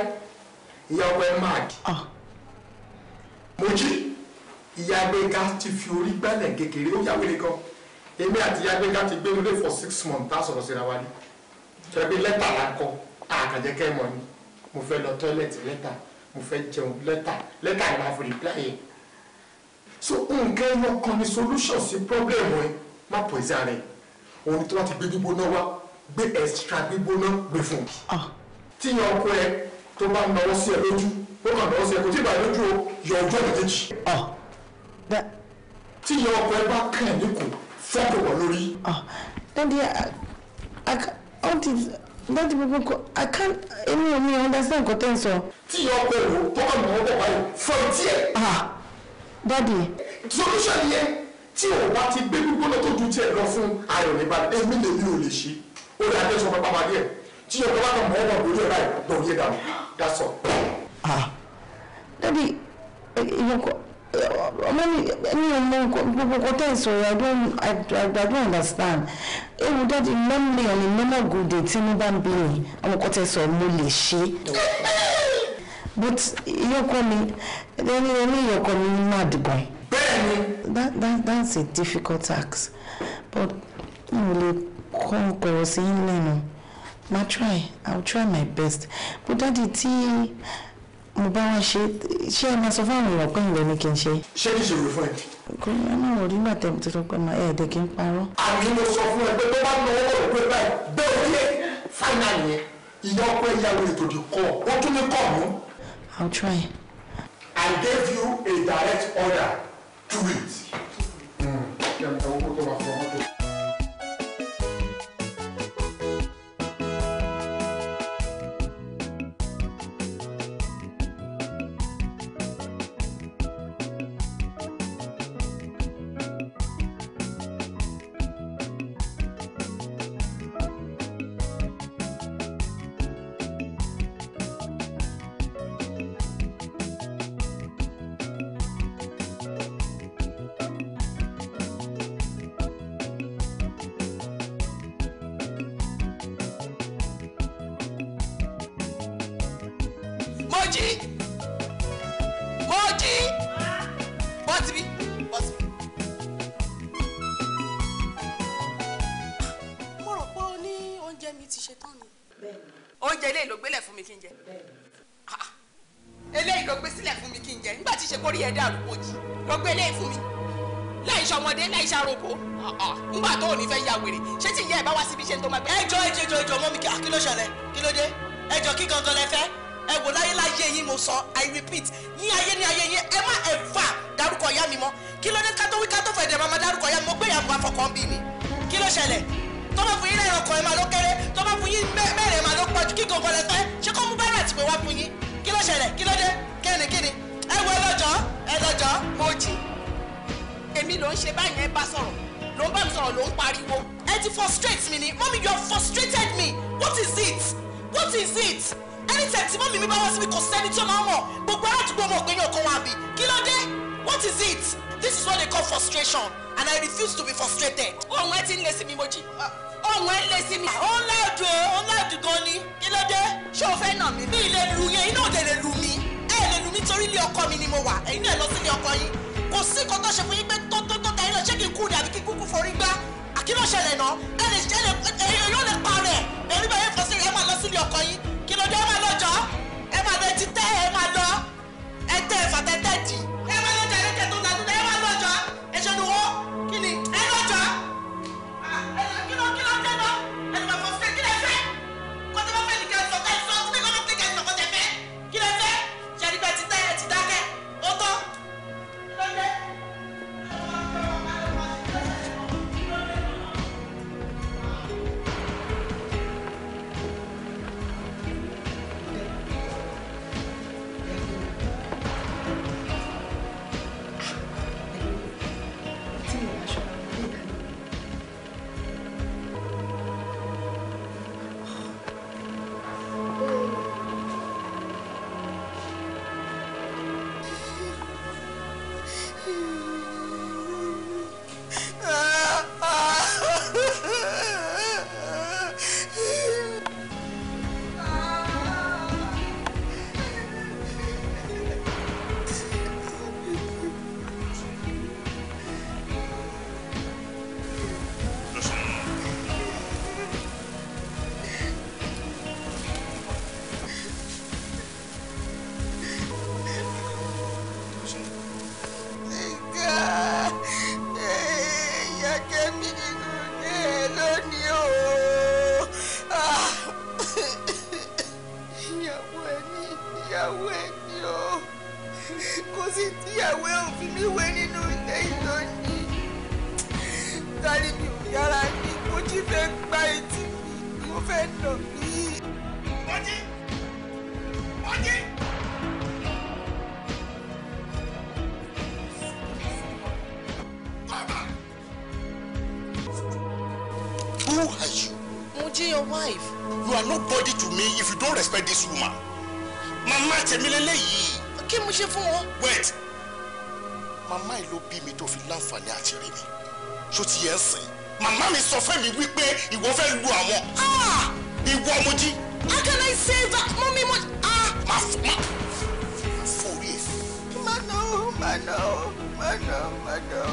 ìyá ọkọ ẹ máa kí. Ah. mo jí ìyá gbẹngà ti fi orí gbálẹ̀ kékeré ó yà wẹlé gan èmi àti Yágbénga ti gbé nílé for six months tá a sọ̀rọ̀ síra wa rí tẹ̀lé lẹ́tà la kọ àkàjẹ́ kẹ́ mọ̀ ni mo fẹ́ lọ tọ́lẹ̀tì lẹ́tà mo fẹ́ jẹun lẹ́tà lẹ́tà ni màá fi reply yẹn so nǹkan ẹyọ kan ni solution sí problem rẹ má pọ̀ ẹ̀sẹ̀ rẹ òun ni tó bá ti gbé gbígbóná wá gbé extra gbígbóná gbé fún un ah. tíyan ọkọ ẹ tó bá ń lọ́wọ́ sí ẹ lójú ó kàn lọ́wọ́ sí ẹ kò tí ì bá ẹ lójú o yọ ọjọ́ ìkejì tíyan ọkọ ẹ bá kàn ẹ níkùn fọ́ọ̀kù wọ̀ lórí. Ah, dadi all dadi gbogbo nǹkan i can't èmi ò mi understand nǹkan tẹ́ ń sọ. tí yọ ọkọ ìlú tọ́kọ̀ ìlú ọkọ̀ báyìí fọ etí ẹ̀. Ah, dadi. solution yẹn tí o bá ti gbé gbígbóná tó ju tiẹ̀ lọ fún ayọ̀ nígbà èmi lèmi ò lè ṣí ó lè adé sọ pé pàpà díẹ̀ tí yọ ọkọ bá kàn mọ́ ọmọ lórí ẹ̀ báyìí lọ́ọ́ yé dànù that's ah, dadi ìyọkọ mi ò mọ gbogbo nǹkan tẹ́ ẹ̀ sọ̀rọ̀ I don't understand ewu dáàdi mẹ́mìlì ọ̀nì mẹ́mọ̀gòdè tí mo bá ń bèrè àwọn nǹkan tẹ́ mo lè ṣe but ìyọkọ mi ẹni ẹni ìyọkọ mi ní mad boy. bẹ́ẹ̀ni. that that's a difficult task but mi lè kọ́ ọ̀rọ̀ sí yín lẹ́nu ma try I'll try my best but dáàdi tí. Tea mo bá wọn ṣe ṣé ẹ máa sọ fún àwọn èèyàn pé ni kì í ṣe. ṣé kì í ṣòro fún ẹ. kò wò rí gbàtẹ́ mi tuntun pé ẹ ẹ̀dẹ̀ kì í parọ́. àmì mo sọ fún ẹ pé tó bá ń lọ owó òkú ẹ báyìí bẹ́ẹ̀ ni fáínà yẹn ìyá ọpẹ ìyàwó ètò ìdí kọ ó tún ní kọ mú. I'll try. I gave you a direct order to it. Hmm, kí ẹ mọ̀ owó tó wà fún mọ́ kí ló dé kátó wí kátó fẹ̀dẹ̀ máa dárúkọ ya mo gbé ìyàwó afọkàn bí mi kí ló ṣẹlẹ̀ tó bá fún yín lẹ́yìn ọkọ̀ ẹ̀ máa ló kéré tó bá fún yín mẹ́rin máa ló pọ̀jù kí gbogbo ẹ̀fẹ́ ṣé kó mú bẹ́rẹ̀ àtìpé wá fún yín kí ló ṣẹlẹ̀ kí ló dé kíni kíni ẹ wo ẹlọ́jọ́ ẹlọ́jọ́ mo jì èmi ló ń ṣe báyìí ẹ bá sọ̀rọ̀ ló ń bá mi sọ̀rọ̀ ló ń pariwo ẹ ti frustrate mi ni mọ́mi you have frustrated me what is it what is it anytime tí mọ́mi mi bá wá síbi kò sẹ́ni tí ó máa mọ̀ gbogbo aládùúgbò ọmọ ògbẹ́yìn what is it this is what they call frustration and i refuse to be frustrated. Oh, I'm waiting. ń le sí mi mojí ohun ẹ ń le sí mi. ó ń láàdù ẹ ó ń láàdù gan ni kí ló dé ṣé o fẹ́ nà mí. mi lè lu yẹn iná òde lè lu mi ẹ lè lu mi torí ilé ọkọ mi ni mo wà ẹ̀yin náà lọ sí ilé ọkọ yín kò sí nǹkan tó ṣe fún yín pé tó tó tó ta yín lọ ṣé kí n kú ni àbí kí n kúkú forí gbá kí ló ṣẹlẹ̀ náà ẹ lè ṣẹlẹ̀ èyí yóò lè parẹ́ èmi bẹ̀rẹ̀ fọ́ sí ẹ máa lọ sílé ọkọ yín kí ló dé ẹ máa lọ jọ ẹ máa lọ ẹtí tẹ́ ẹ máa lọ ẹ tẹ́ ẹ fàtẹ́tẹ́ dì í. respect this woman màmá tèmi lélẹ́yìí. kí mo ṣe fún wọn. wait màmá yìí ló bí mi tó fi láǹfààní àti rí mi ṣó ti yẹ ń sìn màmá mi sọ fún mi wípé ìwọ fẹ́ lu àwọn ah! ìwọ ọmọdé. how can I save that mo mi ah! mo. má fò má fò orí ẹ. mano mano mano mano.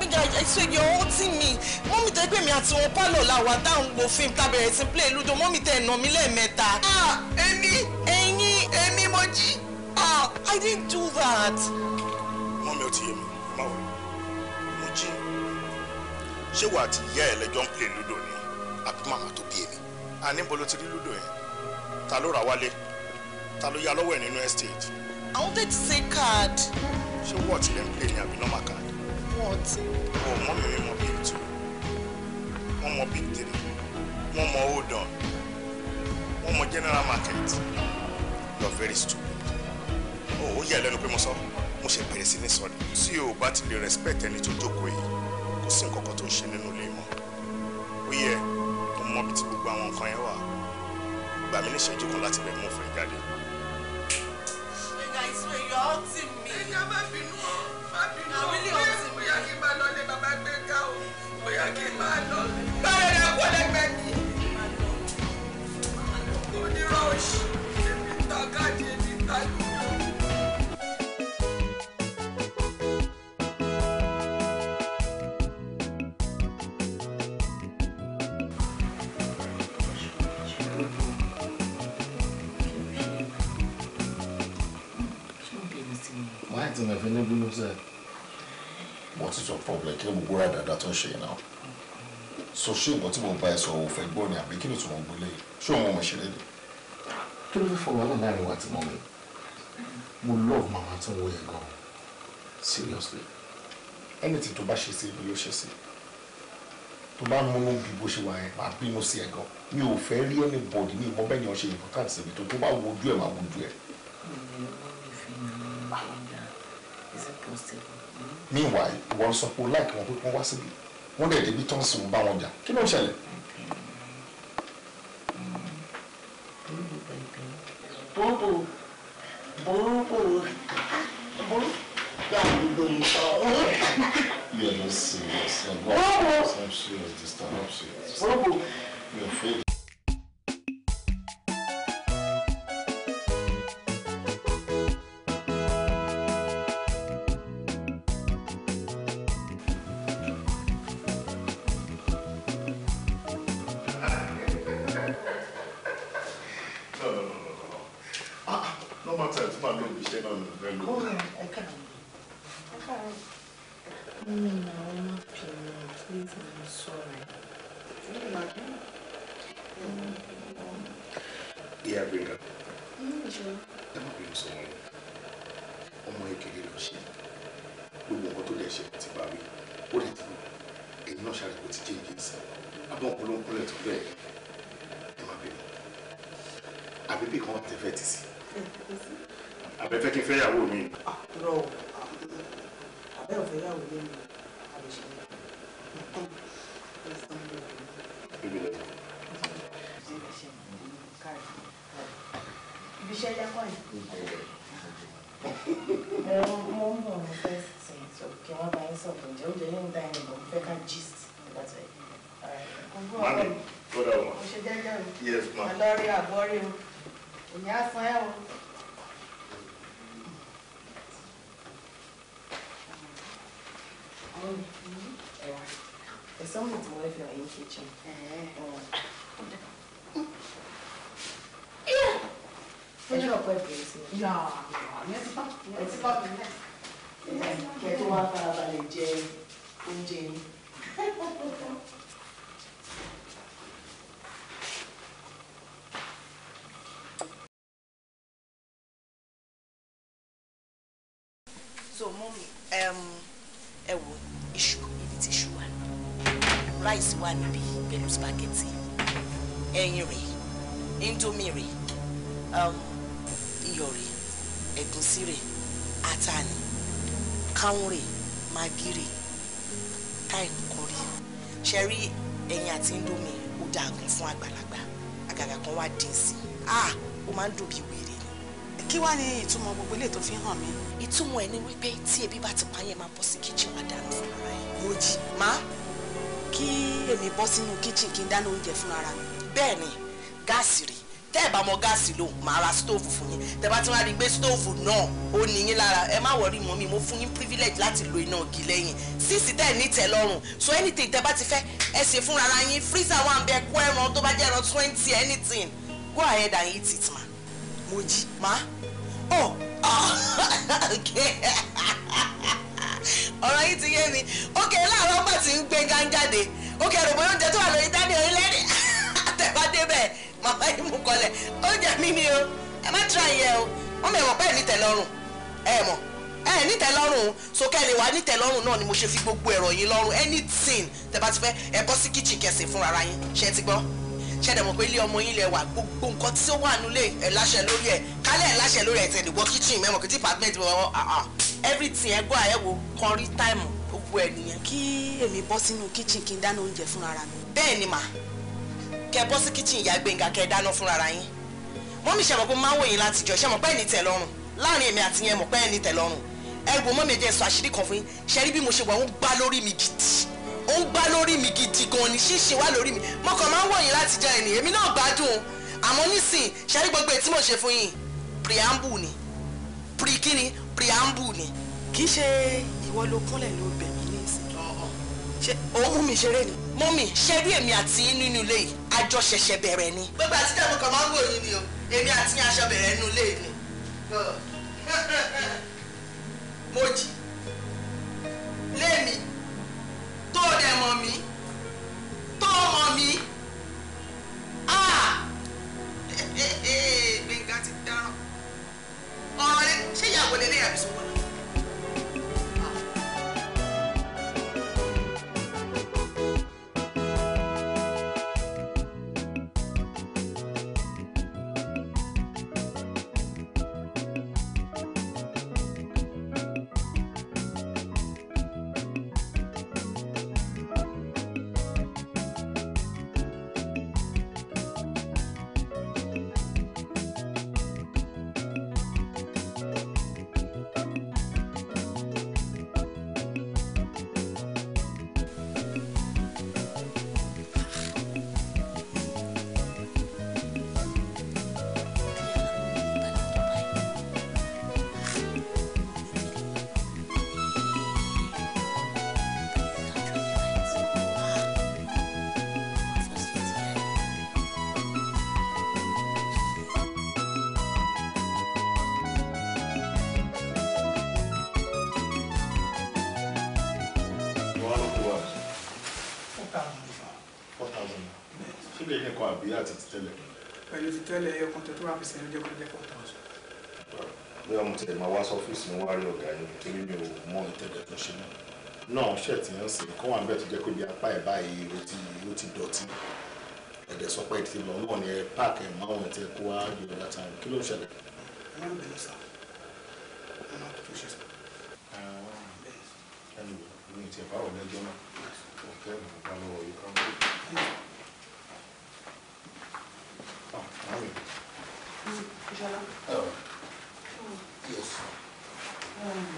Big guy, I swear you're haunting me. Mommy, jẹ́ mi àti wọn pálọ̀ la wà táwọn wo fíìmù tábẹ̀rẹ̀ sí play ludo mọ́mì tẹ̀ nà mí lẹ́ẹ̀mẹ́ta. èmi ẹ̀yin èmi mo jí. I didn't do that. mọ́mì ó ti yé mi má wọ̀ mo jí ṣé wàá ti yẹ ẹ lẹ́jọ́ ń play ludo ni àbí màmá tó bí èmi àníbo ló ti rí ludo yẹn ta ló rà wálé ta ló yá lọ́wọ́ ẹ̀ nínú estate. I wanted to say card. ṣé wọ́ọ̀tì lẹ́ ni àbí normal card. wọ́ọ̀tì. o mọ́mì mi mọ bí èmi wọ́n mọ big three mọ hold on mọ general market you are very stupid ó oh, ó yà lẹ́nu pé mo sọ mo ṣe bẹ̀rẹ̀ sí ní sọ ni tí o bá ti lè respect ẹni tó jókòó yìí kò sí nǹkan kan tó ń ṣe nínú ilé mọ́ ó yẹ kó mọ bí gbogbo àwọn nǹkan yẹn wà gbà mí níṣẹ́jú kan láti bẹ̀ mú fẹ́ jáde. ìyá ìṣòro yọ ọ́ ẹ̀yà má bínú ọ́ má bínú ọ́ bóyá kí n bá lọ lé bàbá gbẹ́gbẹ́ bóyá kí n máa lọ bá rẹ̀ rẹ̀ kó lẹ́gbẹ̀ẹ́ kí n máa lọ onírọ̀ òṣì. kí ló gbogbo ra dáadáa tó ń ṣe yìí so ṣé nǹkan tí mo bá ẹ sọ ò fẹ́ gbọ́ ni àbí kí ló tún mọ̀ gbélé ṣé òun ọmọ ìṣẹ̀lẹ̀ ni. kí ló fi fọ wàhálà láàrin wa ti mọ mi mo love màmá tó ń wo yẹn gan seriously ẹnìtì tó bá ṣe sí ibi ló ṣe sí tó bá múnú bí bó ṣe wà yẹn máa bínú sí ẹ gan mi ò fẹ́ rí anybody ní ìmọ̀ bẹ́ẹ̀ ni wọ́n ṣe important síbi tó tó bá wojú ẹ̀ máa wojú ẹ̀. Is it possible? meanwhile wọ́n sọ pé láìkí wọn pé wọ́n wá síbi wọ́n dẹ̀ débi tán sí wọn bá wọn jà kí ló ń ṣẹlẹ̀. bòbò You are not serious. I'm not, I'm serious this time. I'm serious. Bòbò. afraid normal time tí màá lò ní iṣẹ́ náà ló fẹ́ lò. ó rẹ̀ ẹ káàárọ̀ ẹ káàárọ̀. mi ì náà wọ́n máa pè mí please i'm sorry. ìyá gbẹ̀ngà ẹ má bínú sọ wọn ọmọ ìkèlè lọ ṣe gbogbo nǹkan tó lè ṣe ti bá wí ó lè ti èyí náà ṣàlùkò ti jẹ́ ìjẹ́ sí abọ́ ọ̀pọ̀lọpọ̀ lẹ̀ tó bẹ́ẹ̀ ẹ má bínú àbíbí kan tẹ̀ fẹ́ ti sí i àbẹ́fẹ́ kí n fẹ́ yàwó mi. Ah, rọ àbẹ́ òfẹ́ yàwó mi àbẹ̀ṣẹ́ ibiṣẹ́ yàkọ̀ yìí. ẹ mọ mọ mo fẹ́ sẹ so kí wọn bá yín sọ̀rọ̀ ǹjẹ́ oúnjẹ yín ń dá ẹni bọ fẹ́ ká gist nígbà tó yẹ. mami ó dà wọn. mo ṣe jẹ́jẹ́ o. yes ma. àlọ́ rí àbọ̀ rí o èmi á san ẹ́ o. ẹ̀sán mi tí wọ́n fi hàn yín ṣe jẹun. ẹ ṣe ọ̀pọ̀ ẹ̀bẹ̀rẹ̀ sí i. ẹ ti bá ẹ ti bá mi lẹ̀. kẹ́ tó wá farabalẹ̀ jẹ oúnjẹ yín. rice wà níbí pẹ̀lú spaghetti ẹyin rè indomie rè um, iyọ̀ rè ẹ̀gúsí rè ata ni káwọn magi rè táì nǹkan ṣe rí ẹyin àti indomie ó dáa gan fún àgbàlagbà àgàgà kan wá dín sí ah ó máa ń dùn bí wèrè ni. kí wàá ní ìtumọ̀ gbogbo ilé tó fi hàn mí. ìtumọ̀ ẹ̀ ni wípé tí ebi bá ti pa máa bọ́ sí kíchìn wá dáná fún ara ẹ̀. mo jí màá kí èmi bọ́ sínú kíchìn kí n dáná oúnjẹ fún ara mi. bẹ́ẹ̀ ni gáàsì rí tẹ́ ẹ̀ bá mọ gáàsì lò máa ra stóòfù fún yín tẹ́ bá ti wá rí i stóòfù náà ó ní yín lára ẹ má wọrí mọ́ mi mo fún yín privilege láti lo iná ògì lẹ́yìn síìsì tẹ́ ní tẹ́ lọ́rùn so anything tẹ́ bá ti fẹ́ ẹ ṣe fún ara yín freezer wà ń bẹ kó ẹran tó bá jẹ́ ẹran twenty anything go ahead and eat it ma mo jí ma oh ah okay. ọ̀rọ̀ yìí ti yé mi ókè láàárọ̀ ọgbà tí ń gbé gánjáde ókè rògbò oúnjẹ tó wà lórí dání orílẹ̀-èdè àtẹ̀bádé bẹ́ẹ̀ màmá yìí mú kọlẹ̀ oúnjẹ mi ni o ẹ má tíra yẹ o wọ́n mẹ̀wọ̀ pẹ́ẹ́ nítẹ̀lọ́rùn ẹ mọ̀ ẹ nítẹ̀lọ́rùn so kẹ́lẹ̀ wá nítẹ̀lọ́rùn náà ni mo ṣe fi gbogbo ẹ̀rọ yín lọ́rùn anything tẹ bá ti fẹ́ ẹ bọ́ sí kitchen kẹsì fúnra ara yín ṣe ti gbọ́ ṣẹ̀dẹ̀ mọ̀ pé ilé ọmọ yín lẹ wà gbogbo nǹkan tí ó wà nílé ẹ̀ láṣẹ lórí ẹ̀ kálẹ̀ láṣẹ lórí ẹ̀ tẹ̀lé wọ́n kitchen mẹ́mọ̀ kí department mọ̀ wọ́n everything ẹ̀ gbọ́ àyẹ̀wò kan rí táìmù gbogbo ẹ̀ kí èmi bọ́ sínú kitchen kí n dáná oúnjẹ fúnra mi. bẹ́ẹ̀ ni mà kẹ bọ́ sí kitchen ìyá Gbénga kẹ dáná fúnra yín mọ́mí ṣẹ̀mọ̀ pé máa ń wòyìn láti jọ ṣẹ̀mọ̀ pé ẹni tẹ́ lọ́rùn láàrin èmi àti yẹn mọ̀ pé ẹni tẹ́ lọ́rùn ẹ wo mọ́mí ẹ̀jẹ̀ sọ àṣírí kan fún yín ṣẹ́rí bí mo ṣe wà ń gbá lórí mi gidi ó ń gbá lórí mi gidi gan ni ṣíṣe wá lórí mi mo kàn máa ń wọ̀nyí láti jẹ́ ẹni èmi náà gbádùn àmọ́ nísìn ṣẹ́rí gbogbo ètí mò ń ṣe fún yín preamble ni pre kíni preamble ni. kì í ṣe ìwọ ló kúnlẹ̀ ló bẹ̀ mí ní ìsìn. ṣé o mú mi ṣeré ni. mú mi ṣe bí èmi àti nínú ilé yìí àjọ ṣẹ̀ṣẹ̀ bẹ̀rẹ̀ ni. gbogbo àti tẹ̀mú kan máa ń wòye ni o èmi àti yín aṣọ bẹ̀rẹ̀ nínú ilé mi. mo jì àbí àti ti tẹ́lẹ̀. pẹ̀lú ti tẹ́lẹ̀ ẹyọ kan tó tó wà pèsè lójó kan jẹ́ four thousand. bí ọmọ tẹ̀lé máa wá sí ọ́fíìsì mi wá rí ọ̀gá yẹn torí mi ò mọ ìtẹ̀lẹ̀ tó ṣe náà náà ṣe ti ń sìn kó wà níbẹ̀ tó jẹ́ pé bí apá ẹ̀ báyìí ó ti ó ti dọ̀tí ẹ̀dẹ̀ sọ pé ti lọ náà ni ẹ páàkì ẹ̀ máa wọ̀n ti kó wá yọ ọ̀dà tán kí ló ṣẹlẹ̀. ẹ má bẹ̀rẹ̀ Ah, oui. Jala. Oh. oh. Yes. Um,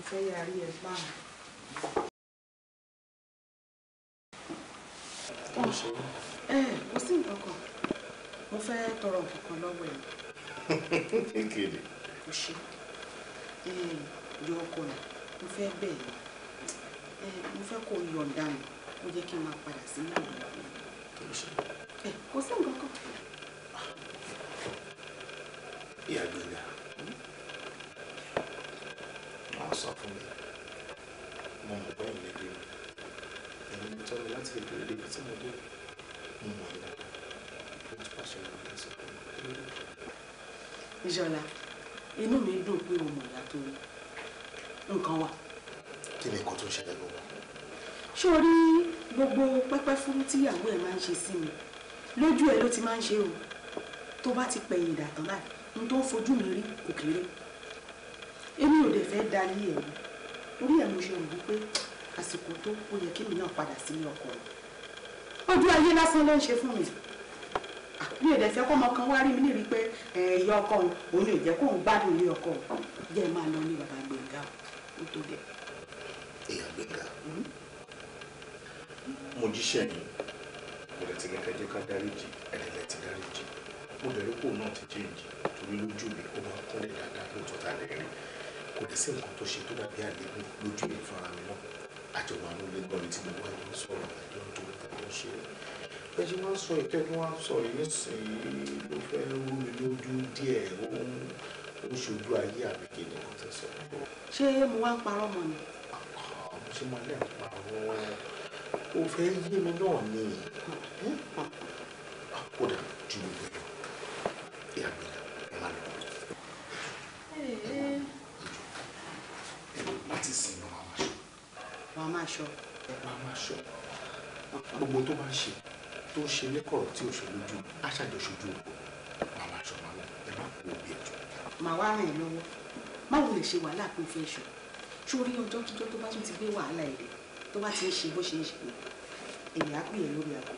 ìfẹ́ yàrá yẹn bá mi. Ẹ kò sí nǹkan kan, mo fẹ́ tọrọ nǹkan kan lọ́wọ́ ẹ̀. Kékeré. O ṣe. Yọ ọkọ rẹ̀, mo fẹ́ bẹ̀ẹ̀ mo fẹ́ kó yọ̀ǹda mi, mo kò sí nǹkan kan. ìyá gbẹ̀ngà wọ́n sọ fún mi mo mọ̀ pé ẹ̀yin ẹbí mi ẹ̀yin mi tọ́ mi láti ìbéèrè débi tí mo dé mo mọ̀ ẹ́ dáadáa mo ti pàṣẹ ọ̀rọ̀ kẹsàn-án fún mi. ìjọla inú mi dùn pé o mọ̀ ìyá tó rí nǹkan wà. kí ni nǹkan tó ń ṣẹlẹ̀ lọ́wọ́. ṣé o rí gbogbo pẹ́pẹ́ fúrú tíyàwó ẹ̀ máa ń ṣe sí mi lójú ẹ ló ti máa ń ṣe o tó bá ti pẹ̀yìn ìdàtọ̀ láì n tó ń fojú mi rí kò kéré èmi ò dẹ̀ fẹ́ dalí ẹ̀ orí ẹ̀ mo ṣe rò wípé àsìkò tó ó yẹ kí mi náà padà sílé ọkọ mi ojú ayé lásán ló ń ṣe fún mi mi ò dẹ̀ fẹ́ kọ́mọ kan wá rí mi níbi pé ìyá ọkọ òun òun ò jẹ́ kóun gbádùn ilé ọkọ òun jẹ́ máa lọ ní bàbá Gbénga ó tó bẹ̀. ìyá Gbénga hmm? mo jíṣẹ́ yín mo lè ti ní kẹjẹ ká dáríjì ẹni lè ti dáríjì mo dẹ̀ rí pò náà ti change torí lójú mi ó máa ń kúnlẹ̀ dáadáa lóòótọ́ ta lè rí kò dẹ̀ sí nǹkan tó ṣe tó dàbí àléébù lójú mi fara mi náà àjọ máa ń lé gbọ́n mi tí gbogbo àjọ ń sọ̀rọ̀ àjọ ń dúró tàbí ń ṣe bẹ́ẹ̀ ṣe máa ń sọ ìtẹ́kùn wa ń sọ yìí nísìnyí ló fẹ́ rú mi lójú díẹ̀ ṣé mo wá parọ́ mọ́ ni o fẹ́ yé mi náà ni kódà ju gbogbo ẹ̀ lọ ìyá mi là ẹ má lọ. láti sìn ní wàá máa ṣọ. wàá máa ṣọ. wàá máa ṣọ gbogbo tó máa ń ṣe tó ń ṣe lẹ́kọ̀ọ́ tí ò ṣe lójú aṣàjọṣojú òkú wàá máa ṣọ máa lọ ẹ má kó òbí ẹ̀ jù. màá wá ràn yín lọ́wọ́ má wo lè ṣe wàhálà pé fẹ́ ṣọ sórí ọjọ́ kíjọ́ tó bá tún ti gbé wàhálà ẹ̀ rẹ̀ tó bá ti ń ṣe bó ṣe ń ṣe èyí á pè é lórí àpò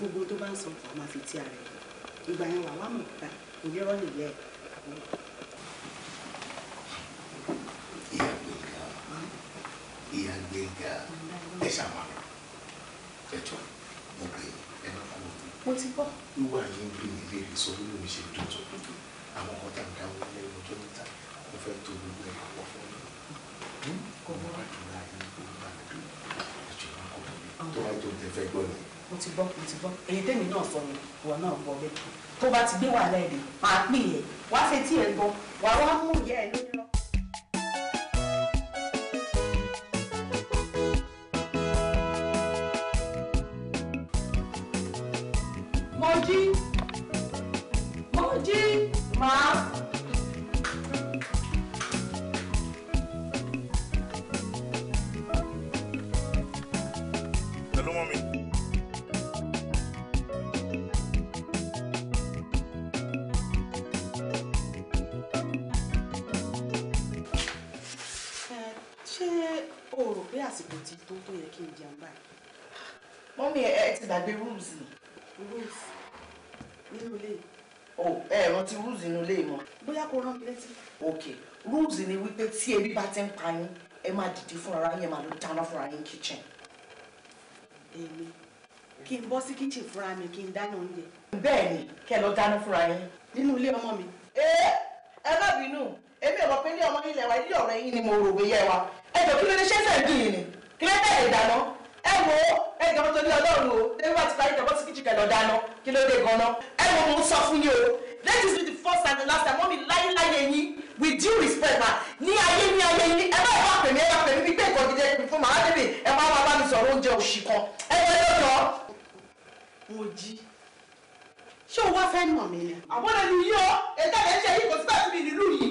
gbogbo tó bá ń sọ wàá máa fi tí ara ẹ̀ ìgbà yẹn wàá wà mọ̀ nípa onírọ́ nìyẹn àbúrò. ìyá gbẹ̀ngà ìyá gbẹ̀ngà ẹ ṣàmàlà ẹ jọ mo pè ẹ má kú omi. mo ti bọ̀. wíwá yín bí mi lè sọ bí mi ṣe dùn tó àwọn ọkọ ń dáwọ́ lẹ́nu ọjọ́ níta mo fẹ́ tó gbogbo ẹ̀ pọ̀ fún mi. fẹ́ gbọ́ ni. mo ti gbọ́ mo ti gbọ́ èyí tèmi náà sọ ni ìwọ náà gbọ́ bẹ́ẹ̀ tó bá ti gbé wàhálà ẹ̀ dé máa pè é wá fetí ẹ̀ gbọ́ wàá wá mú ìyá ẹ̀ lóde. tí ebi bá ti ń pa yín ẹ máa dìde fúnra yín ẹ máa lọ dáná fúnra yín kitchen. èmi kí n bọ́ sí kitchen fúnra mi kí n dáná oúnjẹ. bẹ́ẹ̀ ni kẹ́ ẹ lọ dáná fúnra yín. nínú ilé ọmọ mi. ẹ má bínú èmi ò mọ̀ pé ilé ọmọ ilé wa ilé ọ̀rọ̀ yín ni mo rò bóyá wa ẹ jọ kí ló ní ṣé fẹ́ẹ́ dùn yìí ni kí ló dé ìdáná ẹ wo ẹ jọ mọ́tò ní ọlọ́run o débi bá ti parí ìjọba sí kitchen kẹ́ lọ dáná kí ló dé gan-an ẹ wo mo ń sọ fún yín o let this be the first and the last time Mommy mọ́mí láyéláyé yín with due respect ma ní ayé ní ayé yín ẹ bá ìwà pèmí ẹ bá pèmí bíi pé nǹkan gidi ẹ pè fún màá débi ẹ má wá bá mi sọ̀rọ̀ oúnjẹ òṣì kan ẹ jẹ́ lọ́jọ́. mo jí ṣé o wá fẹ́ nà mí ni. àwọn ẹni yìí ọ ètò ẹ̀ ṣe yìí kò sí bá ti mi nílùú yìí.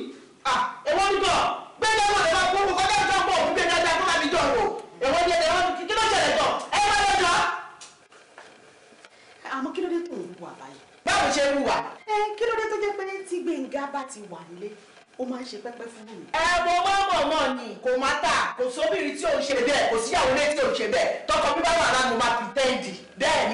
à èwo ń gbọ́ gbé lẹ́wọ̀n lè máa gbóhùn kọjá ìjọ pọ̀ òun gbé dáadáa kó máa mi jọ wò èwo ni èwo kí ló ṣẹlẹ̀ jọ ẹ má lọ́jọ́. àmọ́ kí ló dé tó ń wà báyìí báwo ṣe wù wá. ẹ kí ló dé tó jẹ́ pé tí Gbénga bá ti wà nílé ó máa ń ṣe pẹ́pẹ́ fún mi. ẹ mo máa mọ̀ mọ̀ ni kò má tà kò sóbìrì tí ò ń ṣe bẹ́ẹ̀ kò síyàwó lé tí ò ń ṣe bẹ́ẹ̀ tọkọ bí bá wà lára mo máa pìtẹ́ǹdì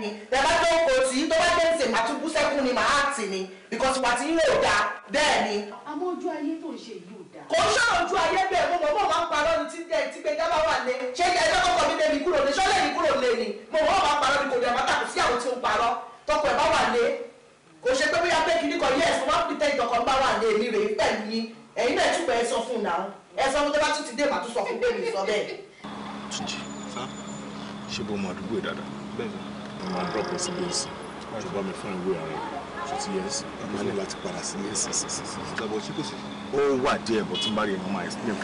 ni ẹ bá tó kò sí tó bá dé ṣe màá bú sẹ́kún ni màá tì ni because wà tí yóò dáa bẹ́ẹ̀ ni. àmọ́ ojú ayé tó ń ṣe yóò dáa. kò ń ṣọ̀rọ̀ ojú ayé bẹ́ẹ̀ mo mọ̀ mọ̀ máa ń parọ́ ni tí dẹ́ tí Gbénga bá wà lé ṣé ẹjọ́ kọ́kọ́ mi débi kúrò lé ṣọ́lẹ̀ mi kúrò lé ni mo mọ̀ máa ń parọ́ ni kò dẹ̀ mọ́tà kò síyàwó tí ó ń parọ́ tọkọ ẹ̀ bá wà lé kò ṣe pé bóyá pé kìíní kan yes one pretend ọkàn bá wà ní èmi rèé pẹ̀lú yín ẹ̀yin náà túbọ̀ ẹ sọ fún un náà ẹ sọ fún tó bá tún ti dé màá tún sọ fún pé mi sọ bẹ́ẹ̀. Túnjí sá ṣé bó máa dúgbò ìdàdà bẹ́ẹ̀ ni màá drop ẹ sí bẹ́ẹ̀sì jù bá mi fún ìwé ààrẹ tó ti yẹ ní láti padà sí ní ẹsì ẹsì ẹsì ìjàbọ̀ ṣí kò sí. ó wà díẹ̀ bọ̀ bá rí ẹ̀ mọ́ máa explain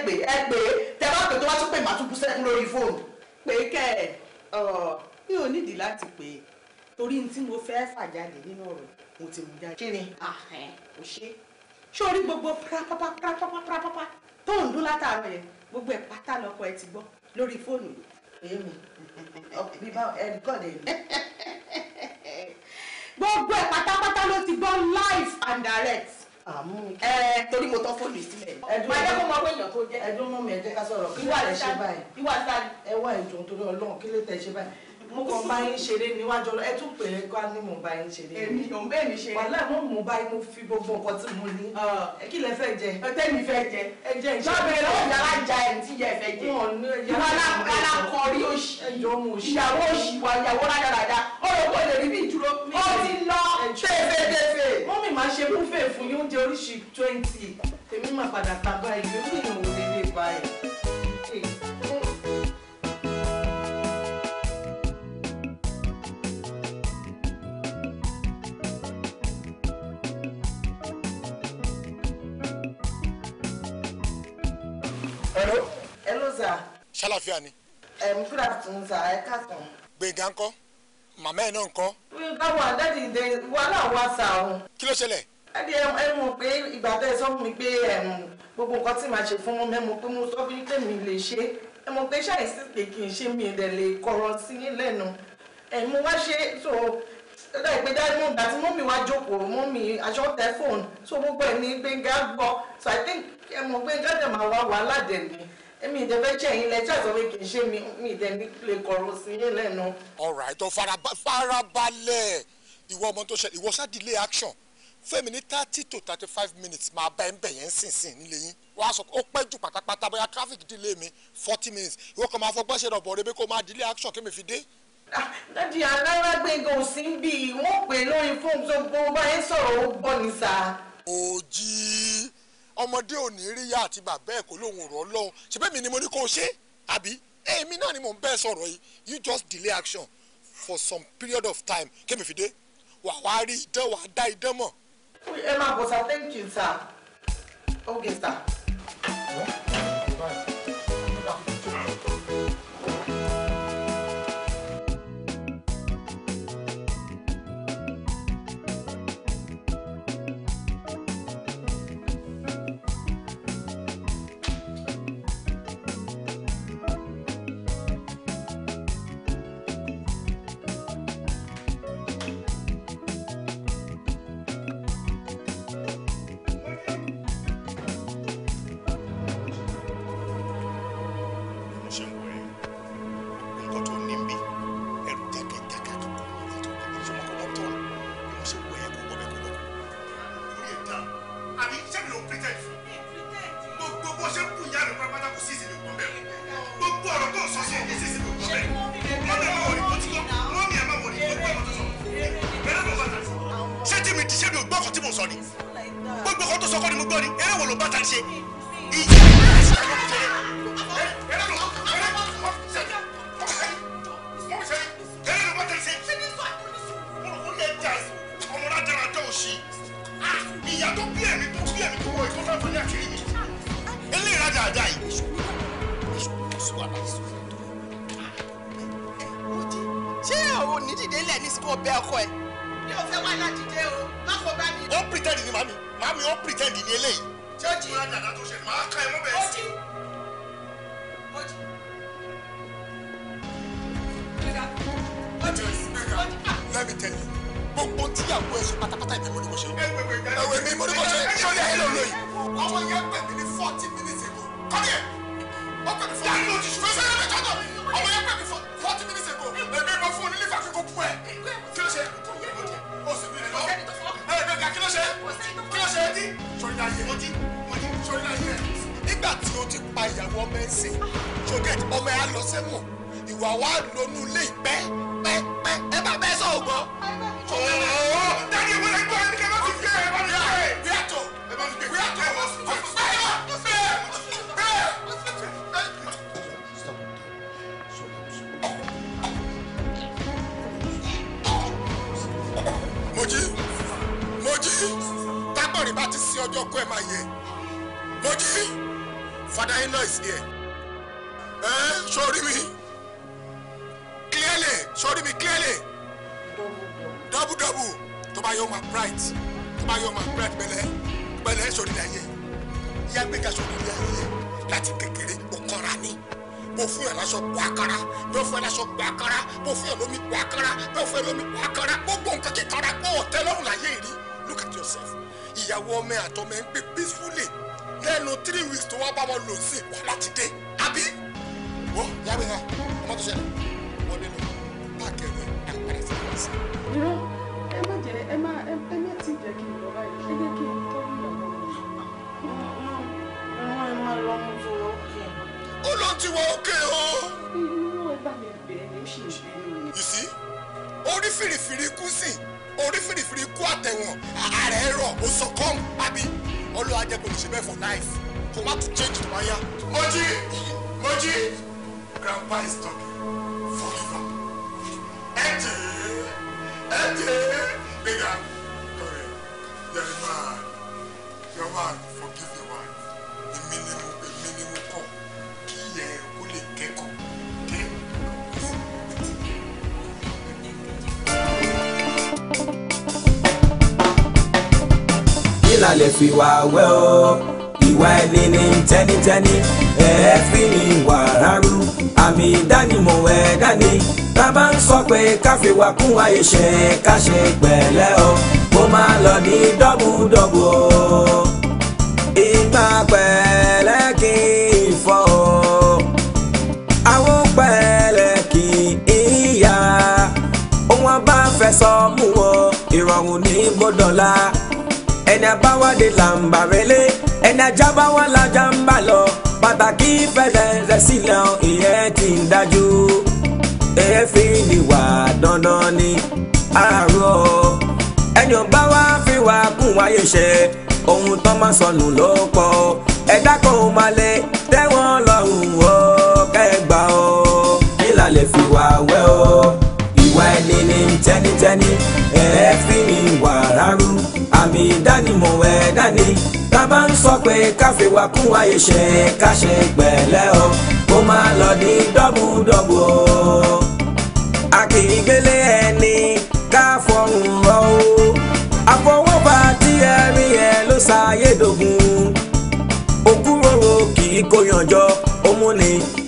ẹ pè ẹ pè tẹ bá pè tó bá tún pè má tún bú sẹ́kún lórí fóònù. pé kẹ ẹ mi ò nídìí láti pè é torí n tí mo fẹ́ fà jáde nínú ọ̀rọ̀ mo ti mú jáde. kíni kò ṣe ṣé orí gbogbo pápápápápápápá tó ń dún látàárọ̀ yẹn gbogbo ẹ̀ pátá lọ́kọ̀ ẹ ti gbọ́ lórí fóònù yìí. èmi bíbá ẹ gọ́dẹ̀ mi. gbogbo ẹ̀ pátápátá ló ti gbọ́ live and direct ẹ torí mo tọ́ fóònù sílẹ̀. ẹdun ẹdun mọ èèyàn tó jẹ. ẹdun mọ mi ká sọ̀rọ̀ kí ló tẹ ṣe báyìí. ìwà sáré. ẹ wá ìjọ torí Ọlọ́run kí ló tẹ ṣe báyìí. mo kàn bá yín ṣeré níwájú Ọlọ́run ẹ tún pè é ká ní mo bá yín ṣeré. èmi ò ń bẹ́ẹ̀ mi ṣeré. wàhálà mo mú báyìí mo fi gbogbo nǹkan tí mo ní. Ah. ẹ kí lẹ fẹ́ jẹ. ọtẹ mi fẹ́ jẹ. ẹ jẹ ìṣe. lọ́bẹ̀rẹ̀ lọ́wọ́ ìyára ja ẹ̀ ẹ̀ máa ṣe búfè fún yín oúnjẹ oríṣi twenty èmi máa padà ta báyìí ìwé fún ìyàwó lélẹ̀ báyìí. Hello. Hello, sir. Ṣàlàfíà ni. Um, good afternoon, sir. Ẹ káàsán. Gbẹ̀ngà kọ́ màmá ẹ̀ náà ń kọ́. wíńkà wà dádì ìdè wàhálà wà sà òun. kí ló ṣẹlẹ̀. dádì ẹ mọ̀ pé ìgbà tẹ́ ẹ sọ fún mi pé gbogbo nǹkan tí màá ṣe fún mọ́ mẹ́mu pé mo sọ fún yín tèmi lè ṣe ẹ mọ̀ pé ṣàìsí pé kì í ṣe mi ìdẹ̀ lè kọ̀rọ̀ sí yín lẹ́nu ẹ̀ mo wá ṣe tó lọ́dọ̀ ìpè diamond àti mọ́mì wá jókòó mọ́mì aṣọ tẹ fóònù so gbogbo ẹ̀ ní gbẹ̀ngà gbọ́ so i think ẹ mọ̀ gbẹ̀ngà dẹ̀ máa wá wàhálà dẹ̀ ni. All right, jẹ́ Farabale, lẹ́jọ́ àtọ́wé to í ṣe mi mi delay action fẹ́mi ní thirty to thirty five minutes My bá ẹ̀ ń bẹ̀ yẹn sínsìn nílé yín wọ́n á traffic delay Me forty minutes You come máa fọgbọ́n ṣe rọ̀bọ̀ rẹ bí kò delay action kí mi fi dé. Ah, dadi alárágbéga ò sí bí to pè lórí fóònù tó gbọ́ báyìí sọ̀rọ̀ ó gbọ́ ní sáà. òjì. Oh, ọmọdé ò ní rí ya àti bàbá ẹ̀ kó lóun rọ̀ lọ́hùn ṣebí mi ni mo ní kó o ṣe àbí èmi náà ni mò ń bẹ́ẹ̀ sọ̀rọ̀ yìí you just delay action for some period of time kémi fi dé wà wá rí idán wà dá idán mọ̀. ẹ máa bọ̀ sá thank you sir. okay sir. mi ò fẹ́ wá ládìde o má kó bá mi. ó pretend ni màmí màmí ó pretend ni eléyìí. jọ́jì ó dàda tó ṣẹlẹ̀ máa ká ẹ bẹ́ẹ̀ sí. Ah. let me tell you gbogbo tíyàwó ẹ ṣe pátápátá ìbẹ̀rù ni mo ṣe. ẹwẹ mi mo ní mo ṣe sọlẹ ẹ lọlọ yìí. ọmọ yẹn pè mí ní forty minutes ago kọ́ni ẹ̀ ó pè mí fún mi. fẹsẹ̀ ẹ̀ mi tọ́tọ̀ ọmọ yẹn pè mí forty minutes ago èmi mo fún un ní lífà kíkó pú ẹ̀ ṣe oṣù mi lọ ẹ gbẹgbẹ kí ló ṣe kí ló ṣe ti sori la ìyàwó ọmọ ẹ sí ọmọ ẹ á lọ sẹ́wọ̀n ìwà wa lónú ilé ìpẹ́ pẹ́. tí ọjọ́ kọ́ ẹ máa yẹ Mojí father in is here ẹ sọrí mi clearly sọrí mi clearly double double tó bá yọ ọmọ bright tó bá yọ ọmọ bright pẹ̀lẹ́ pẹ̀lẹ́ sọrí la yẹ ìyá gbé ka sọrí la yẹ láti kékeré o kọra ni bó fún yàrá sọ pọ àkàrà bó fún yàrá sọ pọ àkàrà bó fún yàrá omi pọ àkàrà bó fún yàrá omi pọ àkàrà gbogbo nǹkan kíkàrà kó o tẹ́ lọ́rùn láyé rí look at yourself ìyàwó ọmọ àtọmọ ẹ ń gbé peacefully lẹ́nu three weeks tó wá bá wọn lò sí wàhálà ti dé àbí. wọ́n yàgbé ha ọmọ tó ṣẹlẹ̀ wọlé lọ páàkì ẹ̀rọ àpẹẹrẹ sí ìwà sí. irọ́ ẹ má jẹ ẹ má ẹ má ti jẹ́ kí n lọ báyìí ẹ jẹ́ kí n tọ́jú ìyàwó mi. ó lọ ti wọ òkè o. inú ẹ bá mi bẹ̀ẹ́ ní ṣèṣe orí fìrìfìrì kú sí orí fìrìfìrì kú àtẹ̀wọ̀n ààrẹ rọ o sọ kọ́m àbí Olúwa jẹ́ kó lè ṣe bẹ́ẹ̀ for life kò má tún change tó máa yá. Mojí Mojí grandpa is talking forever ẹ jẹ ẹ jẹ gbẹgà tọrẹ yẹn máa yọ máa. la lè fi wà wẹ́ o. ìwà ẹni ní tẹ́nítẹ́ní ẹ̀ẹ́ fi ní ìwà rárú àmì ìdánimọ̀ ẹ̀dá ni bàbá ń sọ pé káfíwá kún ayé ṣe káṣe pẹ̀lẹ́ o kó máa lọ ní dọ́bùdọ́bù o. ìgbà pẹ̀lẹ́ kì í fọ́ o. àwọn pẹ̀lẹ́ kì í yá. ohun abáfẹ́sọ mú o ìrọ̀rùn ní gbọ́dọ̀ la ẹni àbáwádé là ń bà rẹ́lẹ̀ ẹni ajá bá wà lájà ń bà lọ pàtàkì fẹsẹ̀nsẹ̀ sílẹ̀ ìyẹn ti ń dájú èéfín ni wà dandan ni àárọ̀ ẹni ò fi wà kún wáyé ṣe ohun tó máa sọnù ló kọ ẹ̀dá kan ò máa lè tẹ́wọ́n lọ́rùn o kẹgbà o kí la lè fi wà wẹ́ o ìwà ẹni ní tẹ́nitẹ́ni èéfín Mi ìdánimọ̀ ẹ̀dá ni tá a bá ń sọ pé káfíwá kún wa iṣẹ́ ká ṣe pẹ̀lẹ́ o kó má lọ di dọ́múdọ́mú o àkìrígbélé ẹni ká fọhùn rọ o àfọwọ́fà tí ẹ rí ẹ ló ṣàyédògún òkúròrò kì í kó yànjọ òmùnì